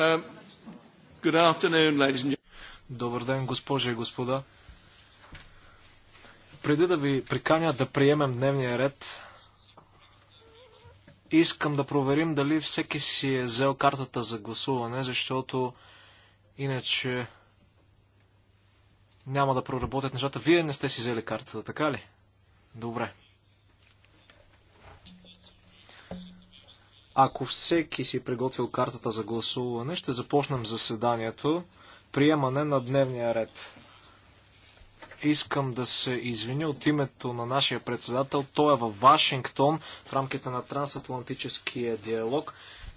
Um, Добър ден, госпожи и господа. Преди да ви приканя да приемем дневния ред, искам да проверим дали всеки си е взел картата за гласуване, защото иначе няма да проработят нещата. Вие не сте си взели картата, така ли? Добре. Ако всеки си е приготвил картата за гласуване, ще започнем заседанието. Приемане на дневния ред. Искам да се извиня от името на нашия председател. Той е във Вашингтон в рамките на трансатлантическия диалог.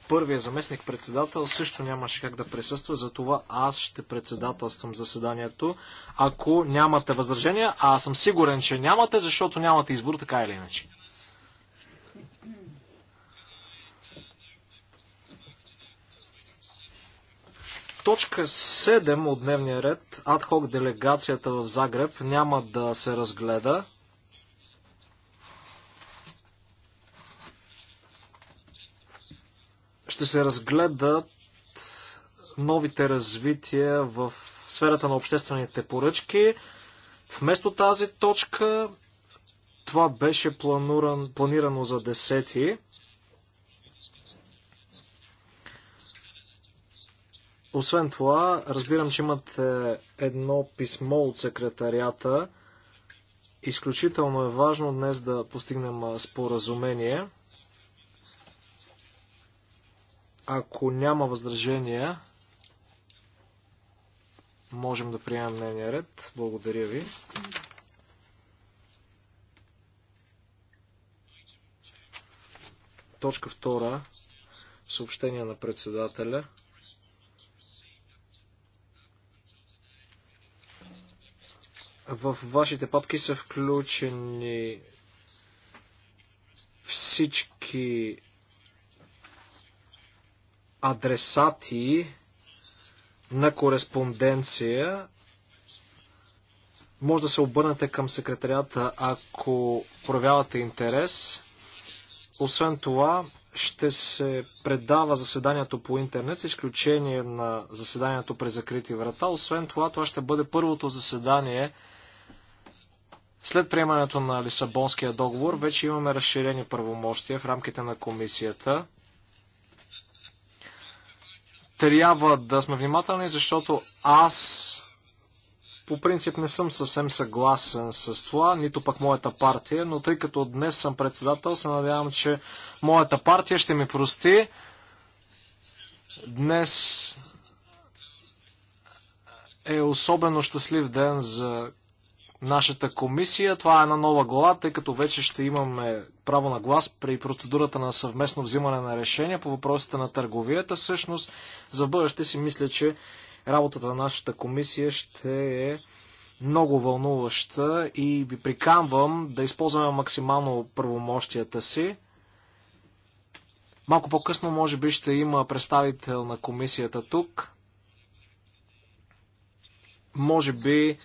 Първият заместник председател също нямаше как да присъства, затова аз ще председателствам заседанието. Ако нямате възражения, а аз съм сигурен, че нямате, защото нямате избор така или иначе. точка 7 от дневния ред, адхок делегацията в Загреб, няма да се разгледа. Ще се разгледат новите развития в сферата на обществените поръчки. Вместо тази точка, това беше планирано за 10. Освен това, разбирам, че имате едно писмо от секретарията. Изключително е важно днес да постигнем споразумение. Ако няма възражения, можем да приемем нения ред. Благодаря ви. Точка втора. Съобщение на председателя. В вашите папки са включени всички адресати на кореспонденция. Може да се обърнете към секретарията, ако проявявате интерес. Освен това, ще се предава заседанието по интернет, с изключение на заседанието през закрити врата. Освен това, това ще бъде първото заседание, след приемането на Лисабонския договор вече имаме разширени правомощия в рамките на комисията. Трябва да сме внимателни, защото аз по принцип не съм съвсем съгласен с това, нито пък моята партия, но тъй като днес съм председател, се надявам, че моята партия ще ми прости. Днес е особено щастлив ден за нашата комисия. Това е една нова глава, тъй като вече ще имаме право на глас при процедурата на съвместно взимане на решения по въпросите на търговията. Всъщност, за бъдеще си мисля, че работата на нашата комисия ще е много вълнуваща и ви приканвам да използваме максимално правомощията си. Малко по-късно, може би, ще има представител на комисията тук. Може би,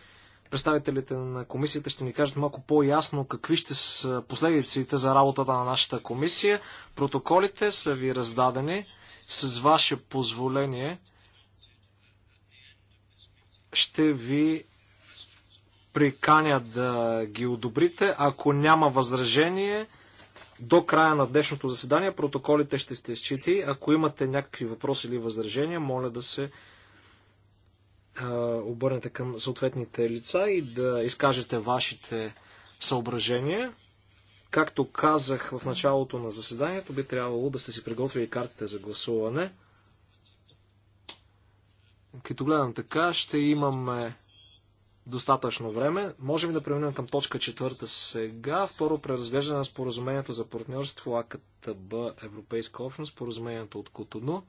представителите на комисията ще ни кажат малко по-ясно какви ще са последиците за работата на нашата комисия. Протоколите са ви раздадени с ваше позволение. Ще ви приканя да ги одобрите. Ако няма възражение, до края на днешното заседание протоколите ще сте изчити. Ако имате някакви въпроси или възражения, моля да се обърнете към съответните лица и да изкажете вашите съображения. Както казах в началото на заседанието, би трябвало да сте си приготвили картите за гласуване. Като гледам така, ще имаме достатъчно време. Можем да преминем към точка четвърта сега. Второ преразглеждане на споразумението за партньорство АКТБ Европейска общност, споразумението от Котону.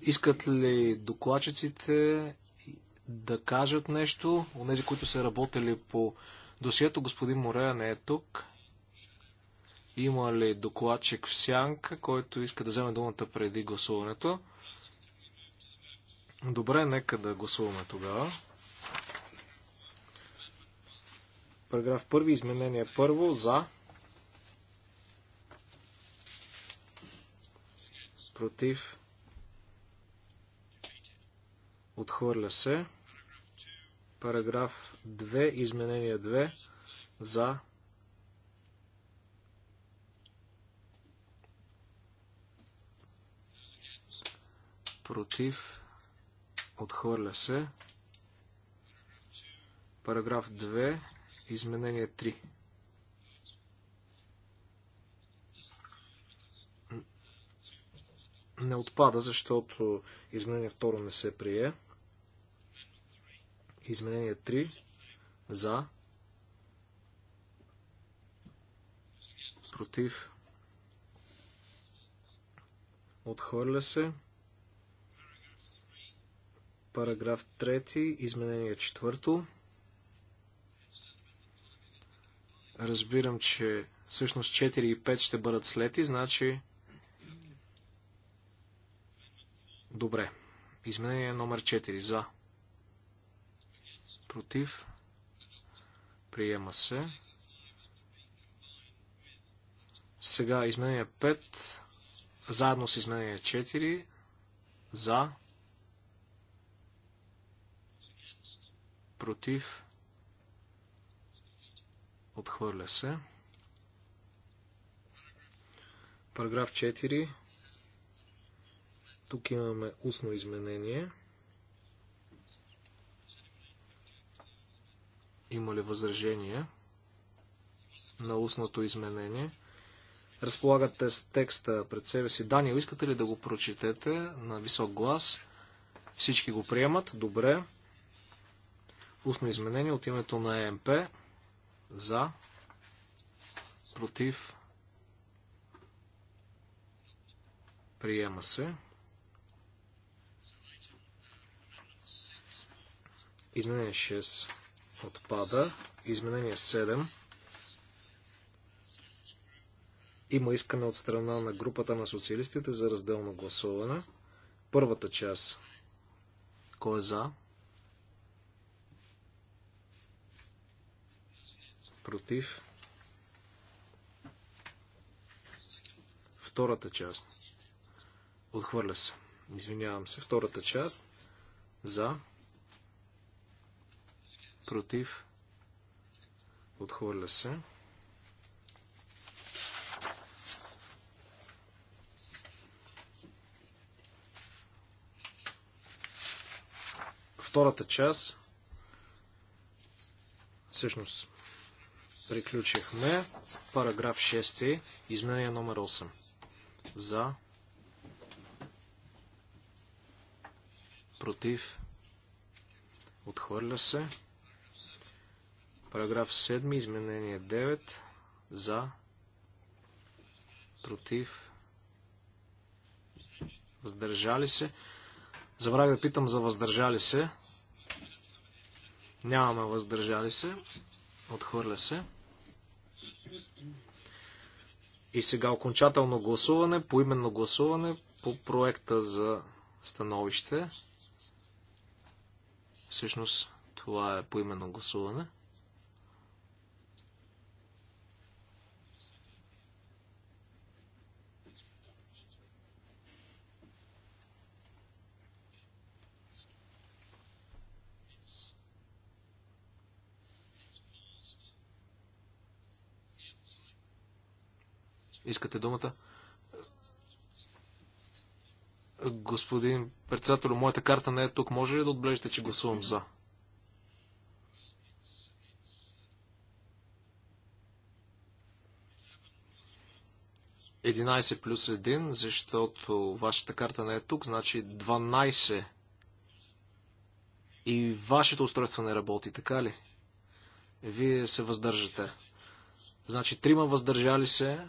Искат ли докладчиците да кажат нещо? Онези, които са работили по досието, господин Морея не е тук. Има ли докладчик в сянка, който иска да вземе думата преди гласуването? Добре, нека да гласуваме тогава. Параграф 1, изменение първо, за, против, Отхвърля се. Параграф 2, изменение 2. За. Против. Отхвърля се. Параграф 2, изменение 3. Не отпада, защото изменение второ не се прие. Изменение 3. За. Против. Отхвърля се. Параграф 3. Изменение 4. Разбирам, че всъщност 4 и 5 ще бъдат слети, значи... Добре. Изменение номер 4. За против, приема се. Сега изменение 5, заедно с изменение 4, за, против, отхвърля се. Параграф 4. Тук имаме устно изменение. Има ли възражение на устното изменение? Разполагате с текста пред себе си. Данил, искате ли да го прочетете на висок глас? Всички го приемат. Добре. Устно изменение от името на ЕМП. За. Против. Приема се. Изменение 6. Отпада. Изменение 7. Има искане от страна на групата на социалистите за разделно гласуване. Първата част. Кой е за? Против. Втората част. Отхвърля се. Извинявам се. Втората част. За против, отхвърля се. Втората част, всъщност, приключихме. Параграф 6, изменение номер 8. За, против, отхвърля се. Параграф 7, изменение 9. За. Против. Въздържали се. Забравя да питам за въздържали се. Нямаме въздържали се. Отхвърля се. И сега окончателно гласуване, поименно гласуване по проекта за становище. Всъщност това е поименно гласуване. Искате думата? Господин председател, моята карта не е тук. Може ли да отбележите, че гласувам за? Единайсе плюс един, защото вашата карта не е тук, значи 12 и вашето устройство не работи, така ли? Вие се въздържате. Значи трима въздържали се,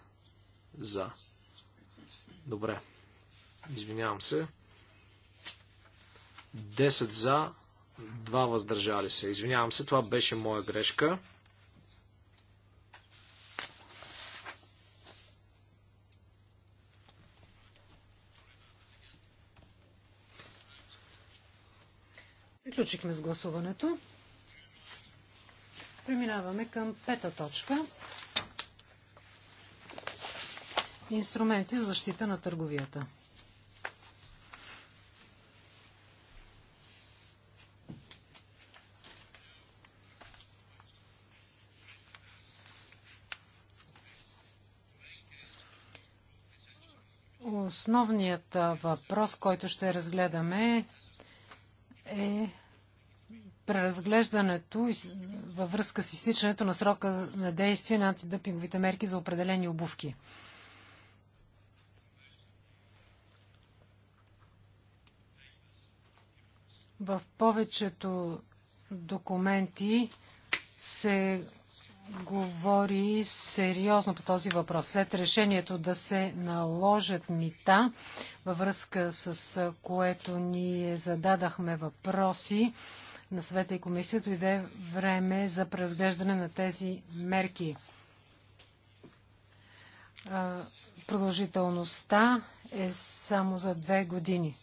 за. Добре. Извинявам се. 10 за, 2 въздържали се. Извинявам се, това беше моя грешка. Приключихме с гласуването. Преминаваме към пета точка инструменти за защита на търговията. Основният въпрос, който ще разгледаме е преразглеждането във връзка с изтичането на срока на действие на антидъпинговите мерки за определени обувки. В повечето документи се говори сериозно по този въпрос. След решението да се наложат мита, във връзка с което ние зададахме въпроси на света и комисията, дойде време за преразглеждане на тези мерки. Продължителността е само за две години.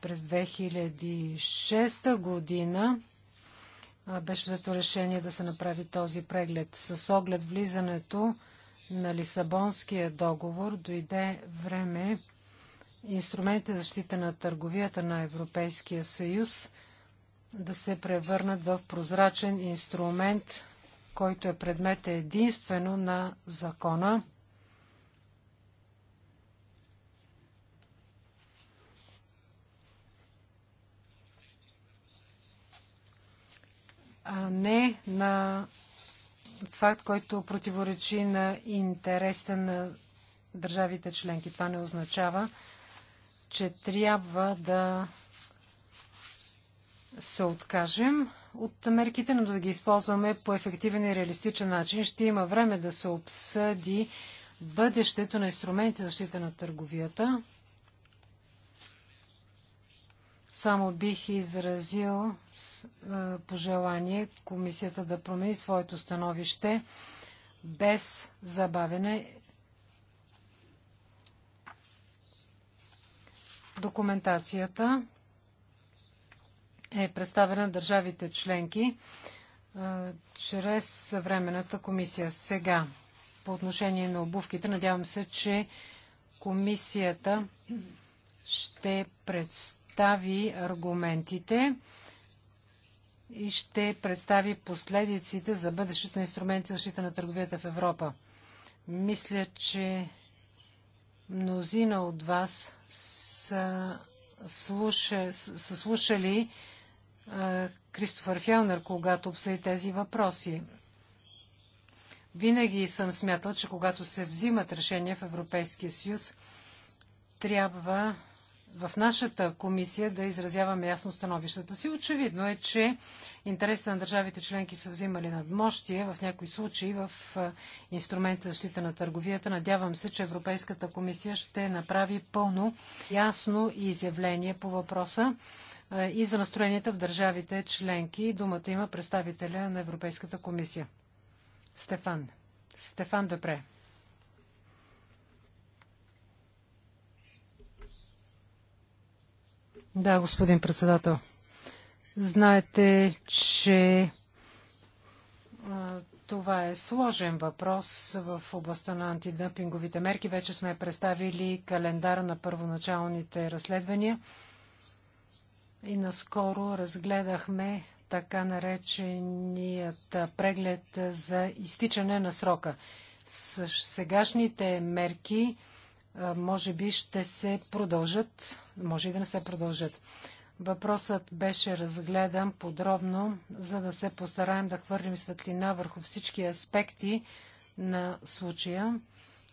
През 2006 година беше взето решение да се направи този преглед. С оглед влизането на Лисабонския договор дойде време инструментите за защита на търговията на Европейския съюз да се превърнат в прозрачен инструмент, който е предмет единствено на закона а не на факт, който противоречи на интересите на държавите членки. Това не означава, че трябва да се откажем от мерките, но да ги използваме по ефективен и реалистичен начин. Ще има време да се обсъди бъдещето на инструментите за защита на търговията. Само бих изразил е, пожелание комисията да промени своето становище без забавене. Документацията е представена държавите членки е, чрез Временната комисия. Сега, по отношение на обувките, надявам се, че комисията ще представи представи аргументите и ще представи последиците за бъдещето на инструменти за защита на търговията в Европа. Мисля, че мнозина от вас са, слуша, са слушали а, Кристофър Фелнер, когато обсъди тези въпроси. Винаги съм смятал, че когато се взимат решения в Европейския съюз, трябва в нашата комисия да изразяваме ясно становищата си. Очевидно е, че интересите на държавите членки са взимали надмощие в някои случаи в инструмента за защита на търговията. Надявам се, че Европейската комисия ще направи пълно ясно изявление по въпроса и за настроенията в държавите членки. Думата има представителя на Европейската комисия. Стефан. Стефан Депре. Да, господин председател. Знаете, че това е сложен въпрос в областта на антидъпинговите мерки. Вече сме представили календара на първоначалните разследвания и наскоро разгледахме така нареченият преглед за изтичане на срока. С сегашните мерки може би ще се продължат, може и да не се продължат. Въпросът беше разгледан подробно, за да се постараем да хвърлим светлина върху всички аспекти на случая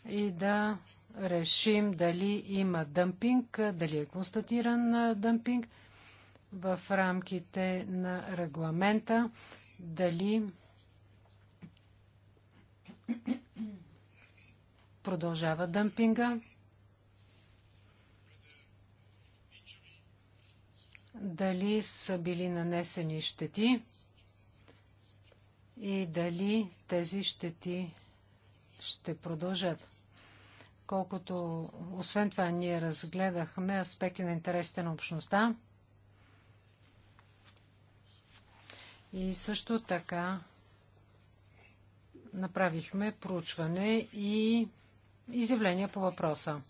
и да решим дали има дъмпинг, дали е констатиран дъмпинг в рамките на регламента, дали продължава дъмпинга. дали са били нанесени щети и дали тези щети ще продължат. Колкото, освен това, ние разгледахме аспекти на интересите на общността и също така направихме проучване и изявления по въпроса.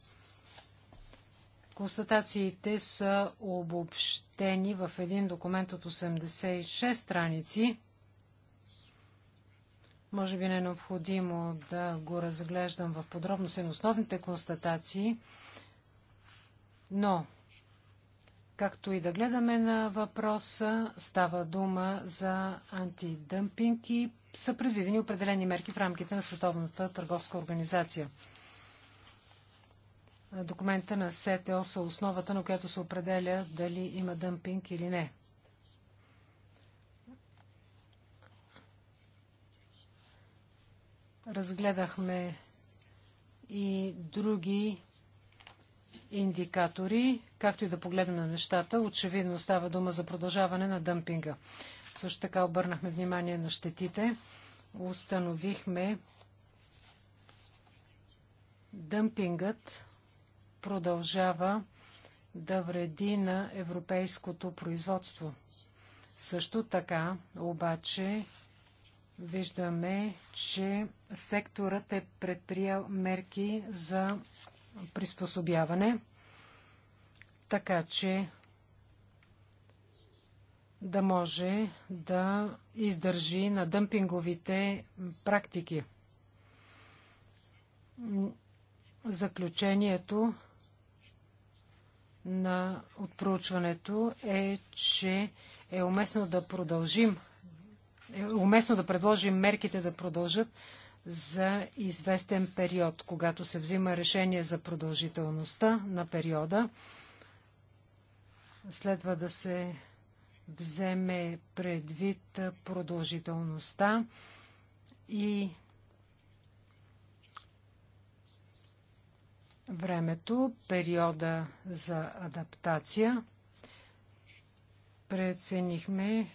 Констатациите са обобщени в един документ от 86 страници. Може би не е необходимо да го разглеждам в подробност на основните констатации, но както и да гледаме на въпроса, става дума за антидъмпинг и са предвидени определени мерки в рамките на Световната търговска организация. Документа на СТО са основата, на която се определя дали има дъмпинг или не. Разгледахме и други индикатори, както и да погледнем на нещата. Очевидно става дума за продължаване на дъмпинга. Също така обърнахме внимание на щетите. Установихме дъмпингът продължава да вреди на европейското производство. Също така, обаче, виждаме, че секторът е предприял мерки за приспособяване, така че да може да издържи на дъмпинговите практики. Заключението на от проучването е, че е уместно да продължим, е уместно да предложим мерките да продължат за известен период, когато се взима решение за продължителността на периода. Следва да се вземе предвид продължителността и времето, периода за адаптация, преценихме,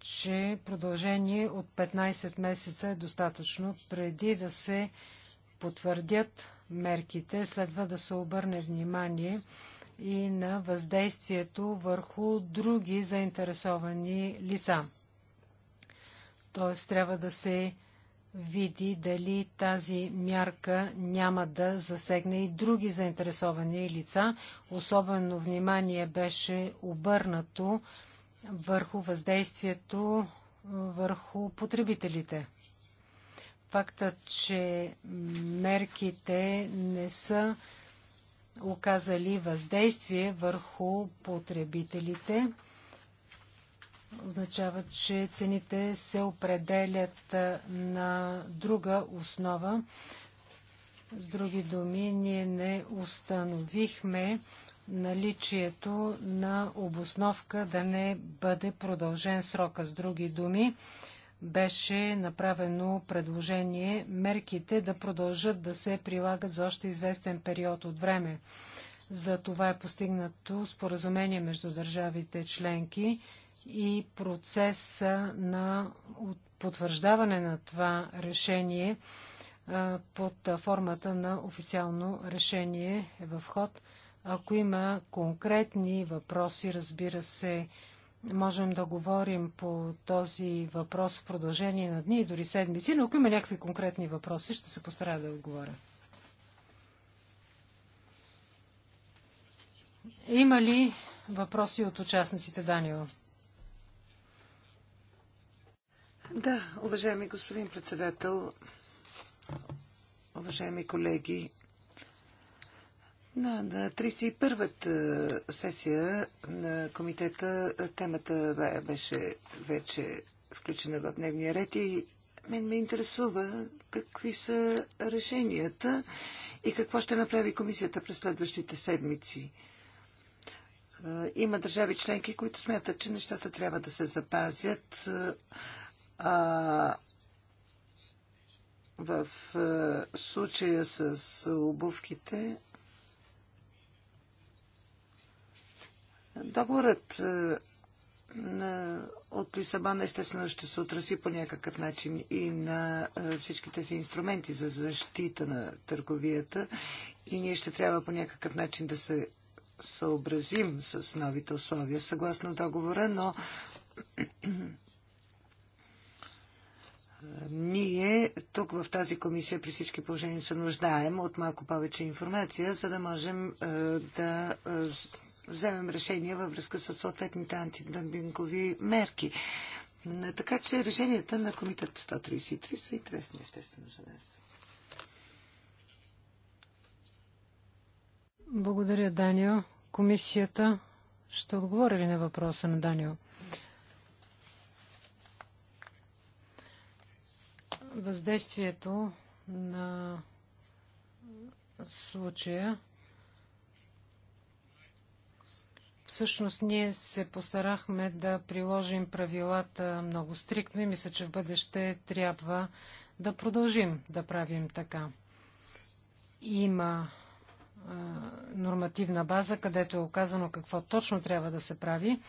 че продължение от 15 месеца е достатъчно. Преди да се потвърдят мерките, следва да се обърне внимание и на въздействието върху други заинтересовани лица. Т.е. трябва да се види дали тази мярка няма да засегне и други заинтересовани лица. Особено внимание беше обърнато върху въздействието върху потребителите. Фактът, че мерките не са оказали въздействие върху потребителите, означава, че цените се определят на друга основа. С други думи, ние не установихме наличието на обосновка да не бъде продължен срока. С други думи, беше направено предложение мерките да продължат да се прилагат за още известен период от време. За това е постигнато споразумение между държавите членки и процеса на потвърждаване на това решение под формата на официално решение е в ход. Ако има конкретни въпроси, разбира се, можем да говорим по този въпрос в продължение на дни и дори седмици, но ако има някакви конкретни въпроси, ще се постарая да отговоря. Има ли въпроси от участниците, Данио? Да, уважаеми господин председател, уважаеми колеги, на, на 31-та е, сесия на комитета е, темата беше вече включена в дневния ред и мен ме интересува какви са решенията и какво ще направи комисията през следващите седмици. Е, има държави членки, които смятат, че нещата трябва да се запазят а, в а, случая с обувките договорът на, от Лисабон естествено ще се отрази по някакъв начин и на всичките си инструменти за защита на търговията и ние ще трябва по някакъв начин да се съобразим с новите условия съгласно договора, но ние тук в тази комисия при всички положения се нуждаем от малко повече информация, за да можем е, да е, вземем решение във връзка с съответните антидъмбингови мерки. Така че решенията на комитет 133 са интересни, естествено, за нас. Благодаря, Данио. Комисията ще отговори ли на въпроса на Данио? въздействието на случая. Всъщност ние се постарахме да приложим правилата много стриктно и мисля, че в бъдеще трябва да продължим да правим така. Има нормативна база, където е оказано какво точно трябва да се прави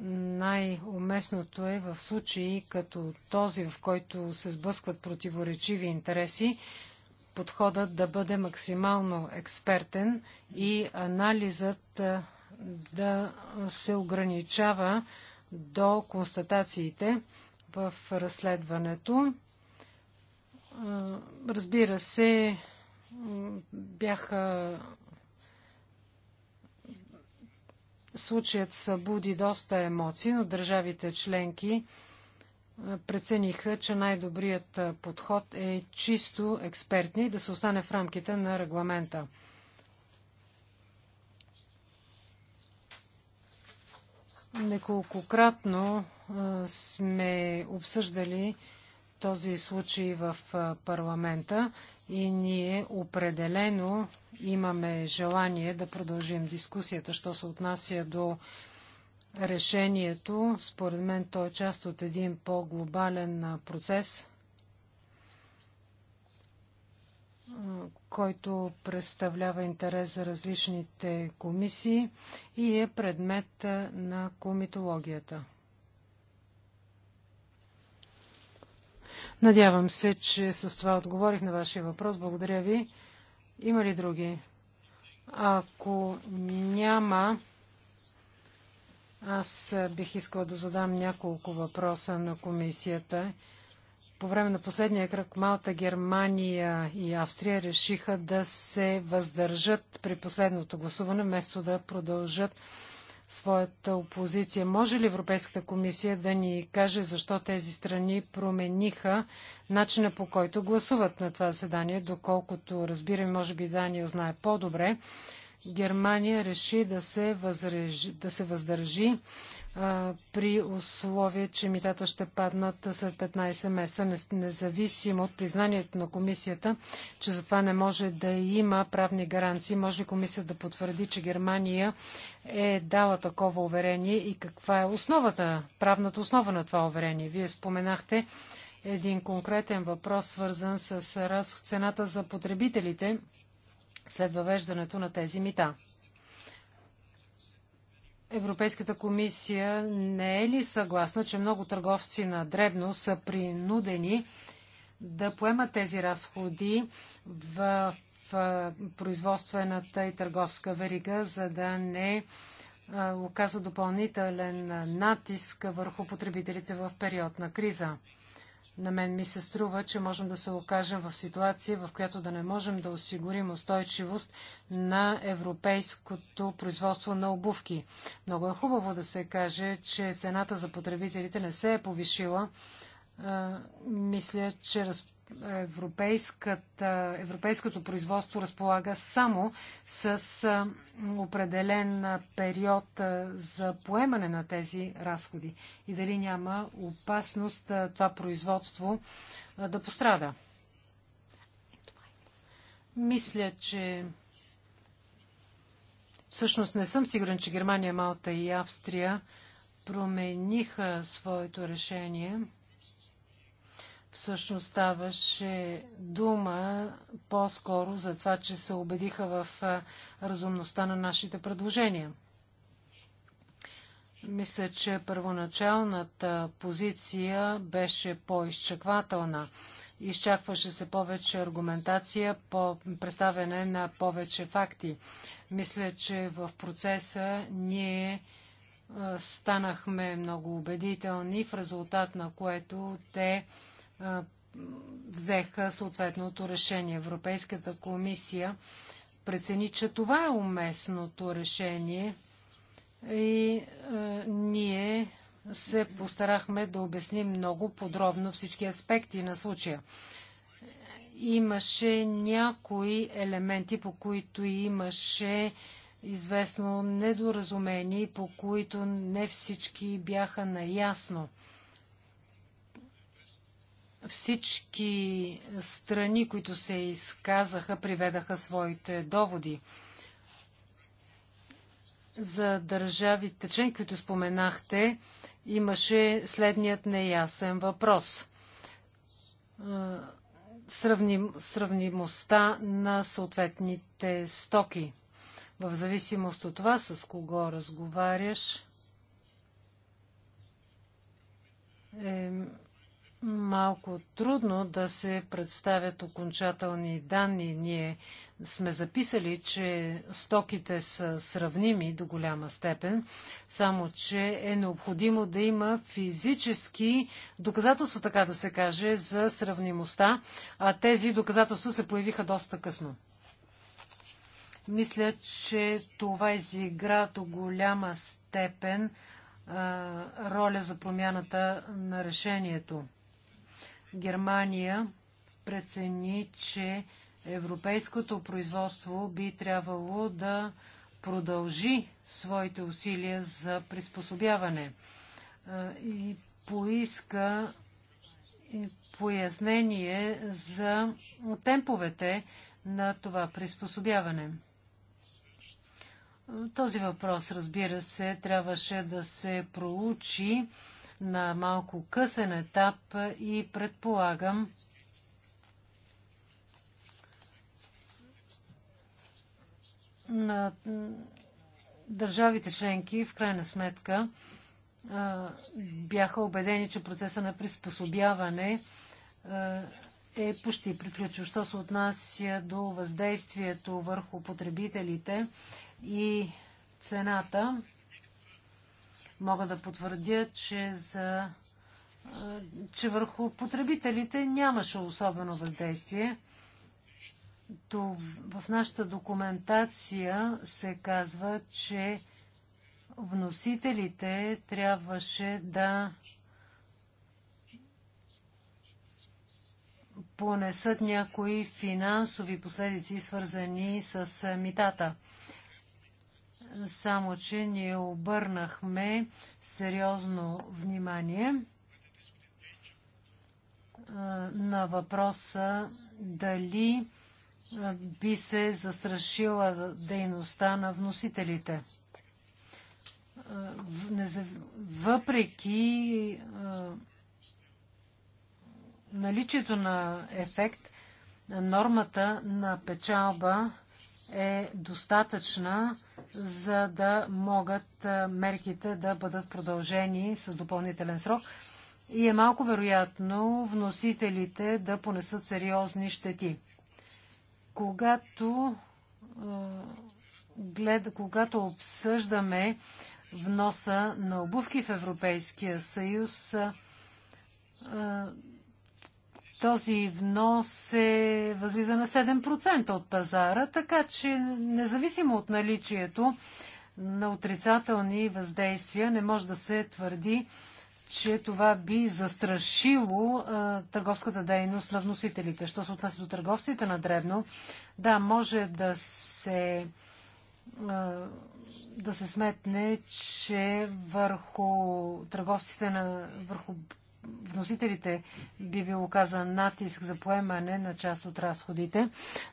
най-уместното е в случаи като този, в който се сблъскват противоречиви интереси, подходът да бъде максимално експертен и анализът да се ограничава до констатациите в разследването. Разбира се, бяха Случаят събуди доста емоции, но държавите членки е, прецениха, че най-добрият е, подход е чисто експертни и да се остане в рамките на регламента. Неколкократно е, сме обсъждали този случай в парламента и ние определено имаме желание да продължим дискусията, що се отнася до решението. Според мен то е част от един по-глобален процес, който представлява интерес за различните комисии и е предмет на комитологията. Надявам се, че с това отговорих на вашия въпрос. Благодаря ви. Има ли други? Ако няма, аз бих искал да задам няколко въпроса на комисията. По време на последния кръг Малта, Германия и Австрия решиха да се въздържат при последното гласуване, вместо да продължат своята опозиция. Може ли Европейската комисия да ни каже защо тези страни промениха начина по който гласуват на това заседание? Доколкото разбирам, може би Дания знае по-добре, Германия реши да се, възрежи, да се въздържи а, при условие, че митата ще паднат след 15 месеца, независимо от признанието на комисията, че за това не може да има правни гаранции. Може ли комисията да потвърди, че Германия е дала такова уверение и каква е основата, правната основа на това уверение? Вие споменахте един конкретен въпрос, свързан с раз... цената за потребителите след въвеждането на тези мита. Европейската комисия не е ли съгласна, че много търговци на дребно са принудени да поемат тези разходи в, производствената и търговска верига, за да не оказва допълнителен натиск върху потребителите в период на криза? На мен ми се струва, че можем да се окажем в ситуация, в която да не можем да осигурим устойчивост на европейското производство на обувки. Много е хубаво да се каже, че цената за потребителите не се е повишила. Мисля, че разпределението европейското производство разполага само с определен период за поемане на тези разходи и дали няма опасност това производство да пострада. Мисля, че всъщност не съм сигурен, че Германия, Малта и Австрия промениха своето решение – Всъщност ставаше дума по-скоро за това, че се убедиха в разумността на нашите предложения. Мисля, че първоначалната позиция беше по-изчаквателна. Изчакваше се повече аргументация, по представяне на повече факти. Мисля, че в процеса ние станахме много убедителни, в резултат на което те взеха съответното решение. Европейската комисия прецени, че това е уместното решение и е, ние се постарахме да обясним много подробно всички аспекти на случая. Имаше някои елементи, по които имаше известно недоразумение, по които не всички бяха наясно. Всички страни, които се изказаха, приведаха своите доводи. За държавите член, които споменахте, имаше следният неясен въпрос. Сравним, сравнимостта на съответните стоки. В зависимост от това, с кого разговаряш, е малко трудно да се представят окончателни данни. Ние сме записали, че стоките са сравними до голяма степен, само че е необходимо да има физически доказателства, така да се каже, за сравнимостта, а тези доказателства се появиха доста късно. Мисля, че това изигра до голяма степен роля за промяната на решението Германия прецени, че европейското производство би трябвало да продължи своите усилия за приспособяване е, и поиска пояснение за темповете на това приспособяване. Този въпрос, разбира се, трябваше да се проучи на малко късен етап и предполагам, на държавите членки в крайна сметка бяха убедени, че процеса на приспособяване е почти приключил. Що се отнася до въздействието върху потребителите и цената, Мога да потвърдя, че, за, че върху потребителите нямаше особено въздействие. То в нашата документация се казва, че вносителите трябваше да понесат някои финансови последици, свързани с митата само че ние обърнахме сериозно внимание на въпроса дали би се застрашила дейността на вносителите. Въпреки наличието на ефект, нормата на печалба е достатъчна, за да могат е, мерките да бъдат продължени с допълнителен срок. И е малко вероятно вносителите да понесат сериозни щети. Когато, е, глед, когато обсъждаме вноса на обувки в Европейския съюз, е, този внос е възлиза на 7% от пазара, така че независимо от наличието на отрицателни въздействия не може да се твърди, че това би застрашило а, търговската дейност на вносителите. Що се отнася до търговците на дребно, да, може да се а, да се сметне, че върху търговците на, върху вносителите би било казан натиск за поемане на част от разходите,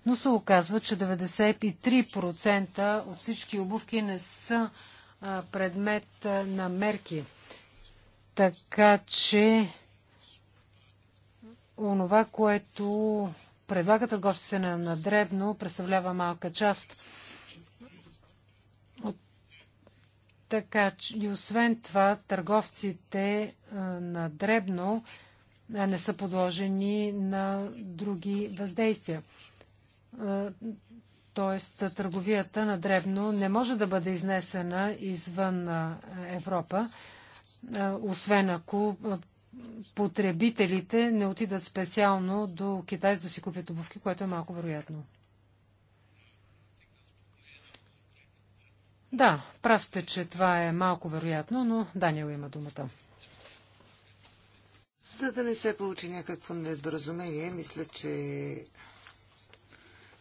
но се оказва, че 93% от всички обувки не са предмет на мерки. Така че онова, което предлага търговците на, на дребно, представлява малка част Така и освен това търговците на дребно не са подложени на други въздействия. Тоест търговията на дребно не може да бъде изнесена извън Европа, освен ако потребителите не отидат специално до Китай да си купят обувки, което е малко вероятно. Да, прав сте, че това е малко вероятно, но Даниел има думата. За да не се получи някакво недоразумение, мисля, че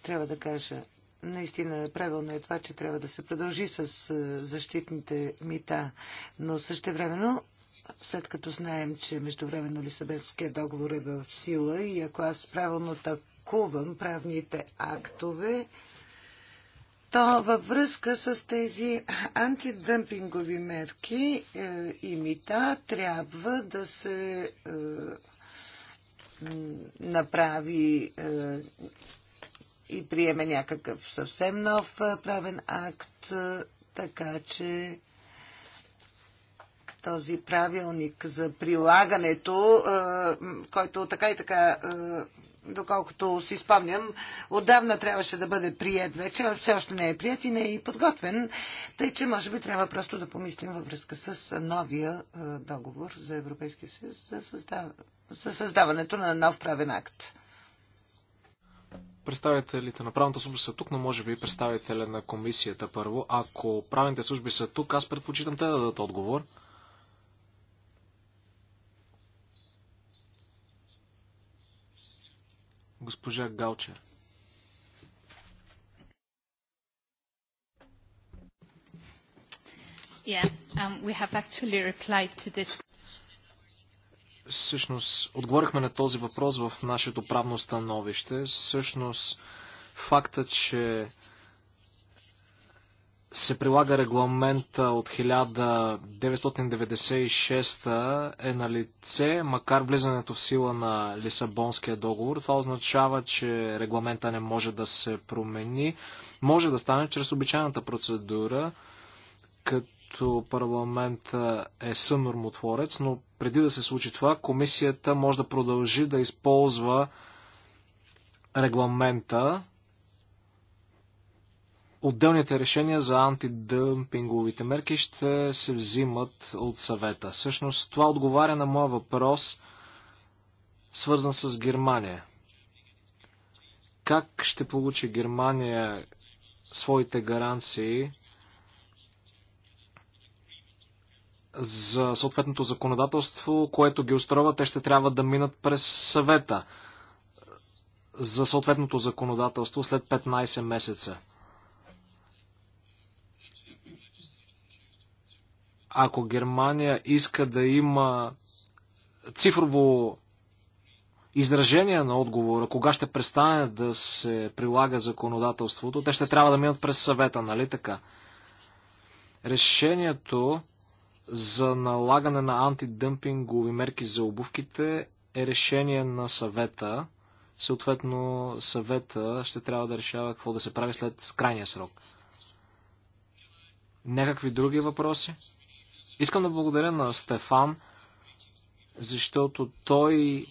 трябва да кажа, наистина правилно е това, че трябва да се продължи с е, защитните мита, но също времено след като знаем, че междувременно Лисабетския договор е в сила и ако аз правилно такувам правните актове, то във връзка с тези антидъмпингови мерки е, и мита трябва да се е, направи е, и приеме някакъв съвсем нов е, правен акт, е, така че този правилник за прилагането, е, който така и така доколкото си спомням, отдавна трябваше да бъде прият вече, а все още не е прият и не е и подготвен, тъй че може би трябва просто да помислим във връзка с новия е, договор за Европейския съюз за, създав... за създаването на нов правен акт. Представителите на правната служба са тук, но може би представителя на комисията първо. Ако правните служби са тук, аз предпочитам те да дадат отговор. Госпожа Галчер. Yeah, um, всъщност отговорихме на този въпрос в нашето правно становище. Всъщност факта, че се прилага регламента от 1996 е на лице, макар влизането в сила на Лисабонския договор. Това означава, че регламента не може да се промени. Може да стане чрез обичайната процедура, като парламент е сънормотворец, но преди да се случи това, комисията може да продължи да използва регламента, отделните решения за антидъмпинговите мерки ще се взимат от съвета. Същност това отговаря на моя въпрос, свързан с Германия. Как ще получи Германия своите гаранции за съответното законодателство, което ги устроява, те ще трябва да минат през съвета за съответното законодателство след 15 месеца. Ако Германия иска да има цифрово изражение на отговора, кога ще престане да се прилага законодателството, те ще трябва да минат през съвета, нали така? Решението за налагане на антидъмпингови мерки за обувките е решение на съвета. Съответно, съвета ще трябва да решава какво да се прави след крайния срок. Някакви други въпроси? Искам да благодаря на Стефан, защото той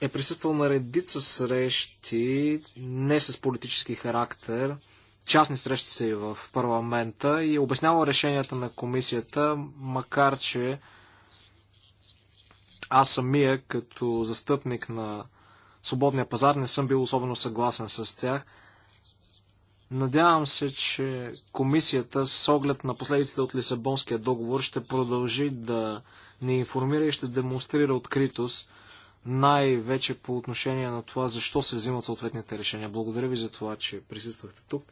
е присъствал на редица срещи, не с политически характер, частни срещи си в парламента и е обяснява решенията на комисията, макар че аз самия, като застъпник на свободния пазар, не съм бил особено съгласен с тях – Надявам се, че комисията с оглед на последиците от Лисабонския договор ще продължи да ни информира и ще демонстрира откритост най-вече по отношение на това, защо се взимат съответните решения. Благодаря ви за това, че присъствахте тук.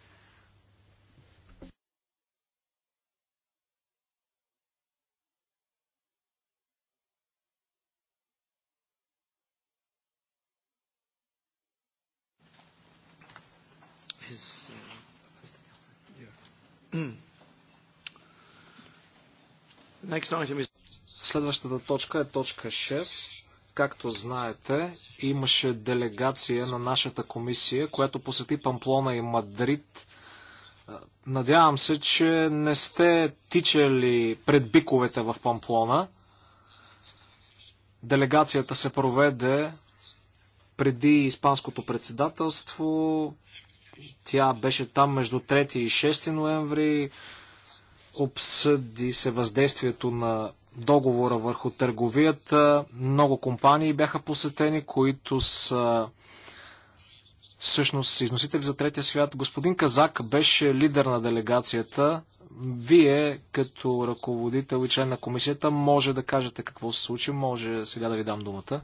Следващата точка е точка 6. Както знаете, имаше делегация на нашата комисия, която посети Памплона и Мадрид. Надявам се, че не сте тичали пред биковете в Памплона. Делегацията се проведе преди Испанското председателство. Тя беше там между 3 и 6 ноември. Обсъди се въздействието на договора върху търговията. Много компании бяха посетени, които са всъщност износители за третия свят. Господин Казак беше лидер на делегацията. Вие, като ръководител и член на комисията, може да кажете какво се случи. Може сега да ви дам думата.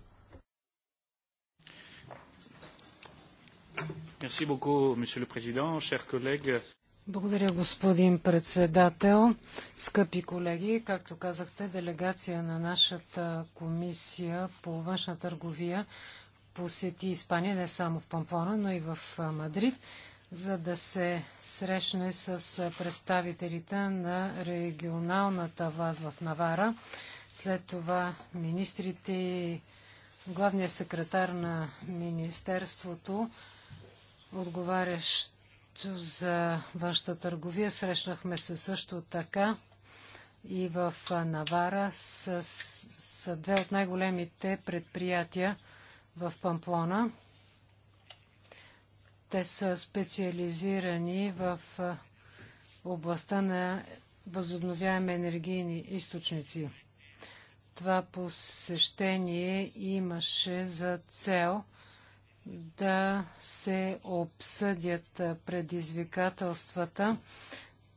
Merci beaucoup, monsieur le président, chers collègues. Благодаря, господин председател. Скъпи колеги, както казахте, делегация на нашата комисия по външна търговия посети Испания не само в Пампона, но и в Мадрид, за да се срещне с представителите на регионалната власт в Навара. След това министрите и главният секретар на Министерството отговарящ за вашата търговия. Срещнахме се също така и в Навара с, с две от най-големите предприятия в Памплона. Те са специализирани в областта на възобновяеми енергийни източници. Това посещение имаше за цел да се обсъдят предизвикателствата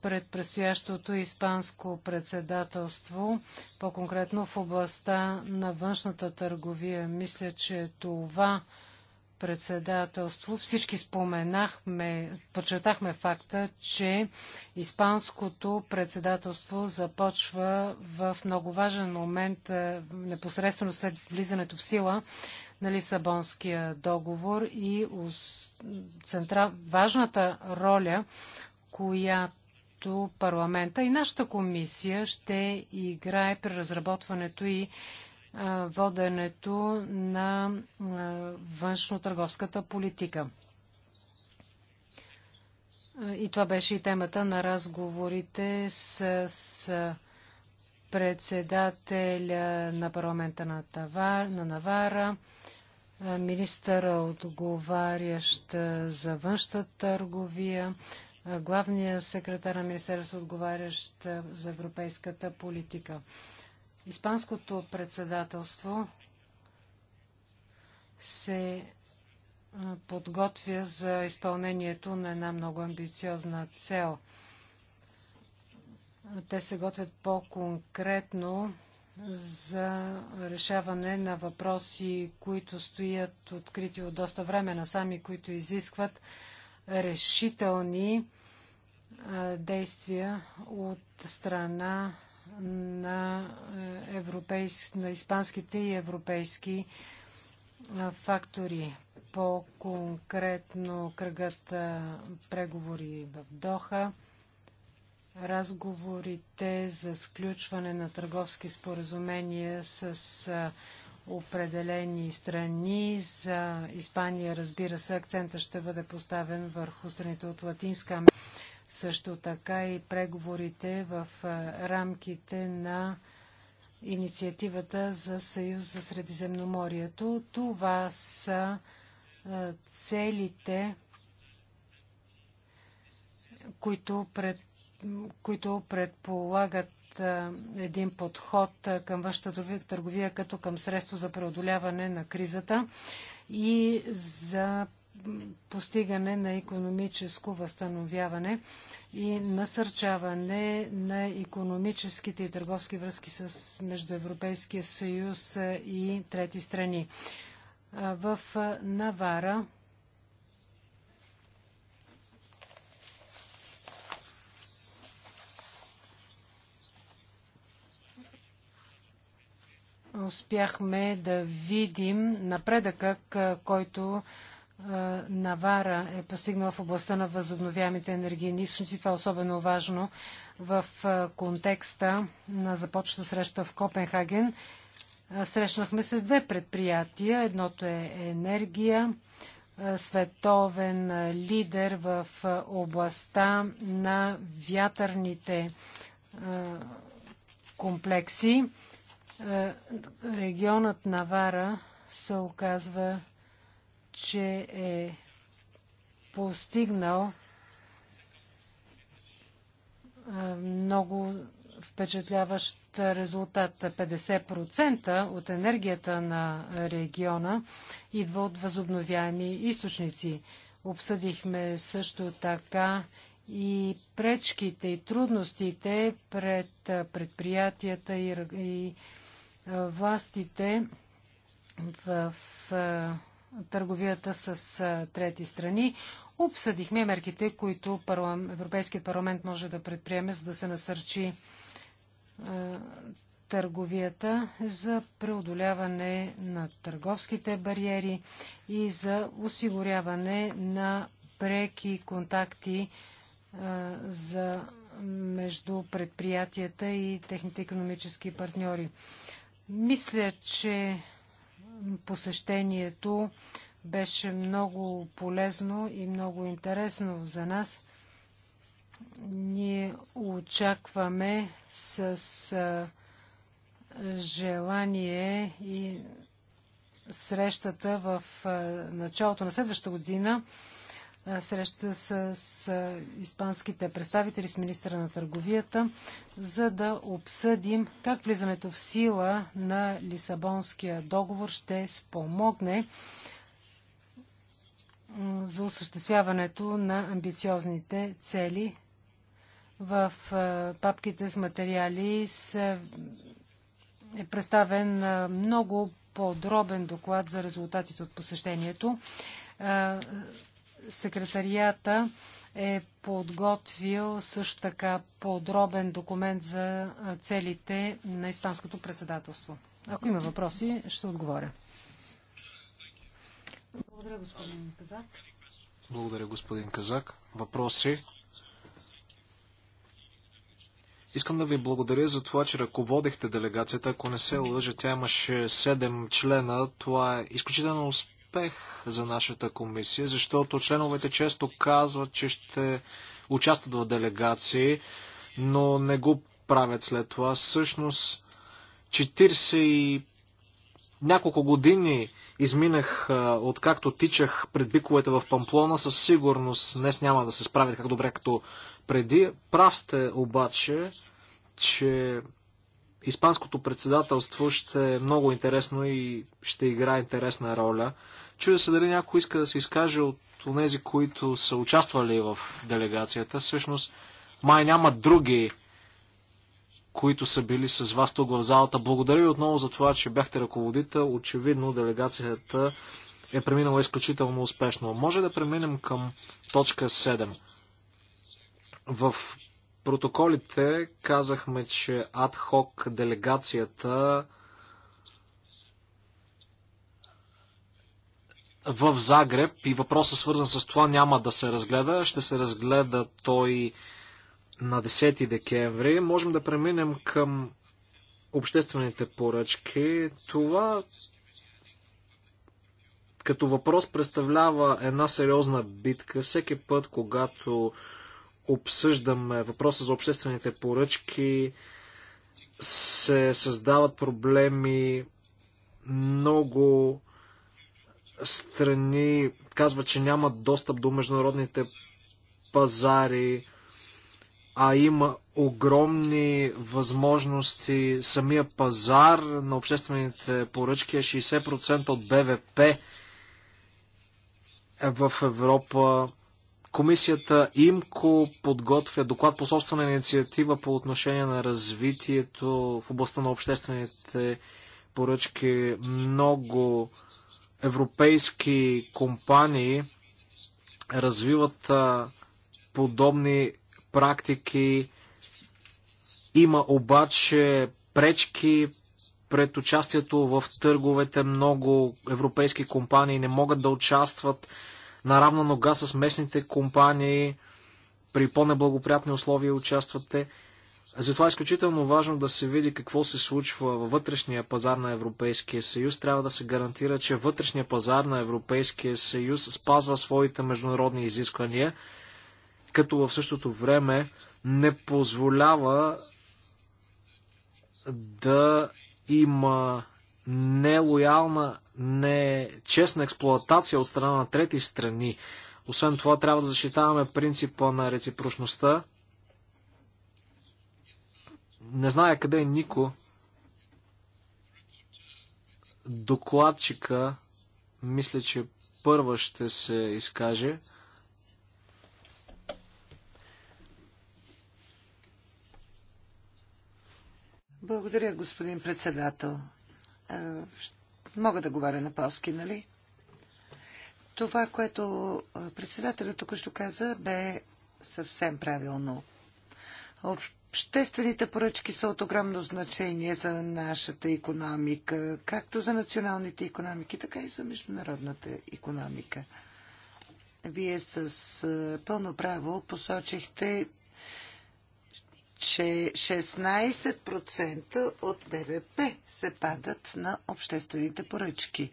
пред предстоящото испанско председателство, по-конкретно в областта на външната търговия. Мисля, че това председателство всички споменахме, подчертахме факта, че испанското председателство започва в много важен момент непосредствено след влизането в сила на Лисабонския договор и центра... важната роля, която парламента и нашата комисия ще играе при разработването и воденето на външно-търговската политика. И това беше и темата на разговорите с, с председателя на парламента на, Тавар, на Навара, министъра отговарящ за външната търговия, главния секретар на министерството отговарящ за европейската политика. Испанското председателство се подготвя за изпълнението на една много амбициозна цел – те се готвят по-конкретно за решаване на въпроси, които стоят открити от доста време на сами които изискват решителни действия от страна на, е, европейск, на испанските и европейски фактори. По-конкретно кръгът преговори в Доха – разговорите за сключване на търговски споразумения с определени страни. За Испания, разбира се, акцента ще бъде поставен върху страните от Латинска Америка. Също така и преговорите в рамките на инициативата за Съюз за Средиземноморието. Това са целите, които пред които предполагат един подход към външната търговия като към средство за преодоляване на кризата и за постигане на економическо възстановяване и насърчаване на економическите и търговски връзки с между Европейския съюз и трети страни. В Навара успяхме да видим напредъка, който Навара е постигнала в областта на възобновяемите енергийни източници. Това е особено важно в контекста на започната среща в Копенхаген. Срещнахме се с две предприятия. Едното е енергия, световен лидер в областта на вятърните комплекси е, регионът Навара се оказва, че е постигнал е, много впечатляващ резултат. 50% от енергията на региона идва от възобновяеми източници. Обсъдихме също така и пречките и трудностите пред предприятията и, и властите в, в търговията с трети страни. Обсъдихме мерките, които парлам, Европейският парламент може да предприеме, за да се насърчи търговията, за преодоляване на търговските бариери и за осигуряване на преки контакти а, за между предприятията и техните економически партньори. Мисля, че посещението беше много полезно и много интересно за нас. Ние очакваме с желание и срещата в началото на следващата година среща с, с испанските представители, с министра на търговията, за да обсъдим как влизането в сила на Лисабонския договор ще спомогне за осъществяването на амбициозните цели. В папките с материали с, е представен много подробен доклад за резултатите от посещението Секретарията е подготвил също така подробен документ за целите на Испанското председателство. Ако има въпроси, ще отговоря. Благодаря, господин Казак. Благодаря, господин Казак. Въпроси? Искам да ви благодаря за това, че ръководихте делегацията. Ако не се лъжа, тя имаше 7 члена. Това е изключително успешно успех за нашата комисия, защото членовете често казват, че ще участват в делегации, но не го правят след това. Всъщност 40 и няколко години изминах, откакто тичах пред биковете в Памплона, със сигурност днес няма да се справят как добре като преди. Прав сте обаче, че Испанското председателство ще е много интересно и ще играе интересна роля. Чудя се дали някой иска да се изкаже от тези, които са участвали в делегацията. Всъщност, май няма други, които са били с вас тук в залата. Благодаря ви отново за това, че бяхте ръководител. Очевидно, делегацията е преминала изключително успешно. Може да преминем към точка 7. В протоколите казахме, че адхок делегацията в Загреб и въпросът свързан с това няма да се разгледа. Ще се разгледа той на 10 декември. Можем да преминем към обществените поръчки. Това като въпрос представлява една сериозна битка. Всеки път, когато обсъждаме въпроса за обществените поръчки, се създават проблеми много страни казват, че нямат достъп до международните пазари, а има огромни възможности. Самия пазар на обществените поръчки е 60% от БВП в Европа. Комисията ИМКО подготвя доклад по собствена инициатива по отношение на развитието в областта на обществените поръчки. Много европейски компании развиват подобни практики. Има обаче пречки пред участието в търговете. Много европейски компании не могат да участват на равна нога с местните компании. При по-неблагоприятни условия участвате. Затова е изключително важно да се види какво се случва във вътрешния пазар на Европейския съюз. Трябва да се гарантира, че вътрешния пазар на Европейския съюз спазва своите международни изисквания, като в същото време не позволява да има нелоялна, нечестна експлоатация от страна на трети страни. Освен това, трябва да защитаваме принципа на реципрочността не зная къде е Нико. Докладчика, мисля, че първа ще се изкаже. Благодаря, господин председател. Мога да говоря на полски, нали? Това, което председателят току-що каза, бе съвсем правилно. Обществените поръчки са от огромно значение за нашата економика, както за националните економики, така и за международната економика. Вие с пълно право посочихте, че 16% от БВП се падат на обществените поръчки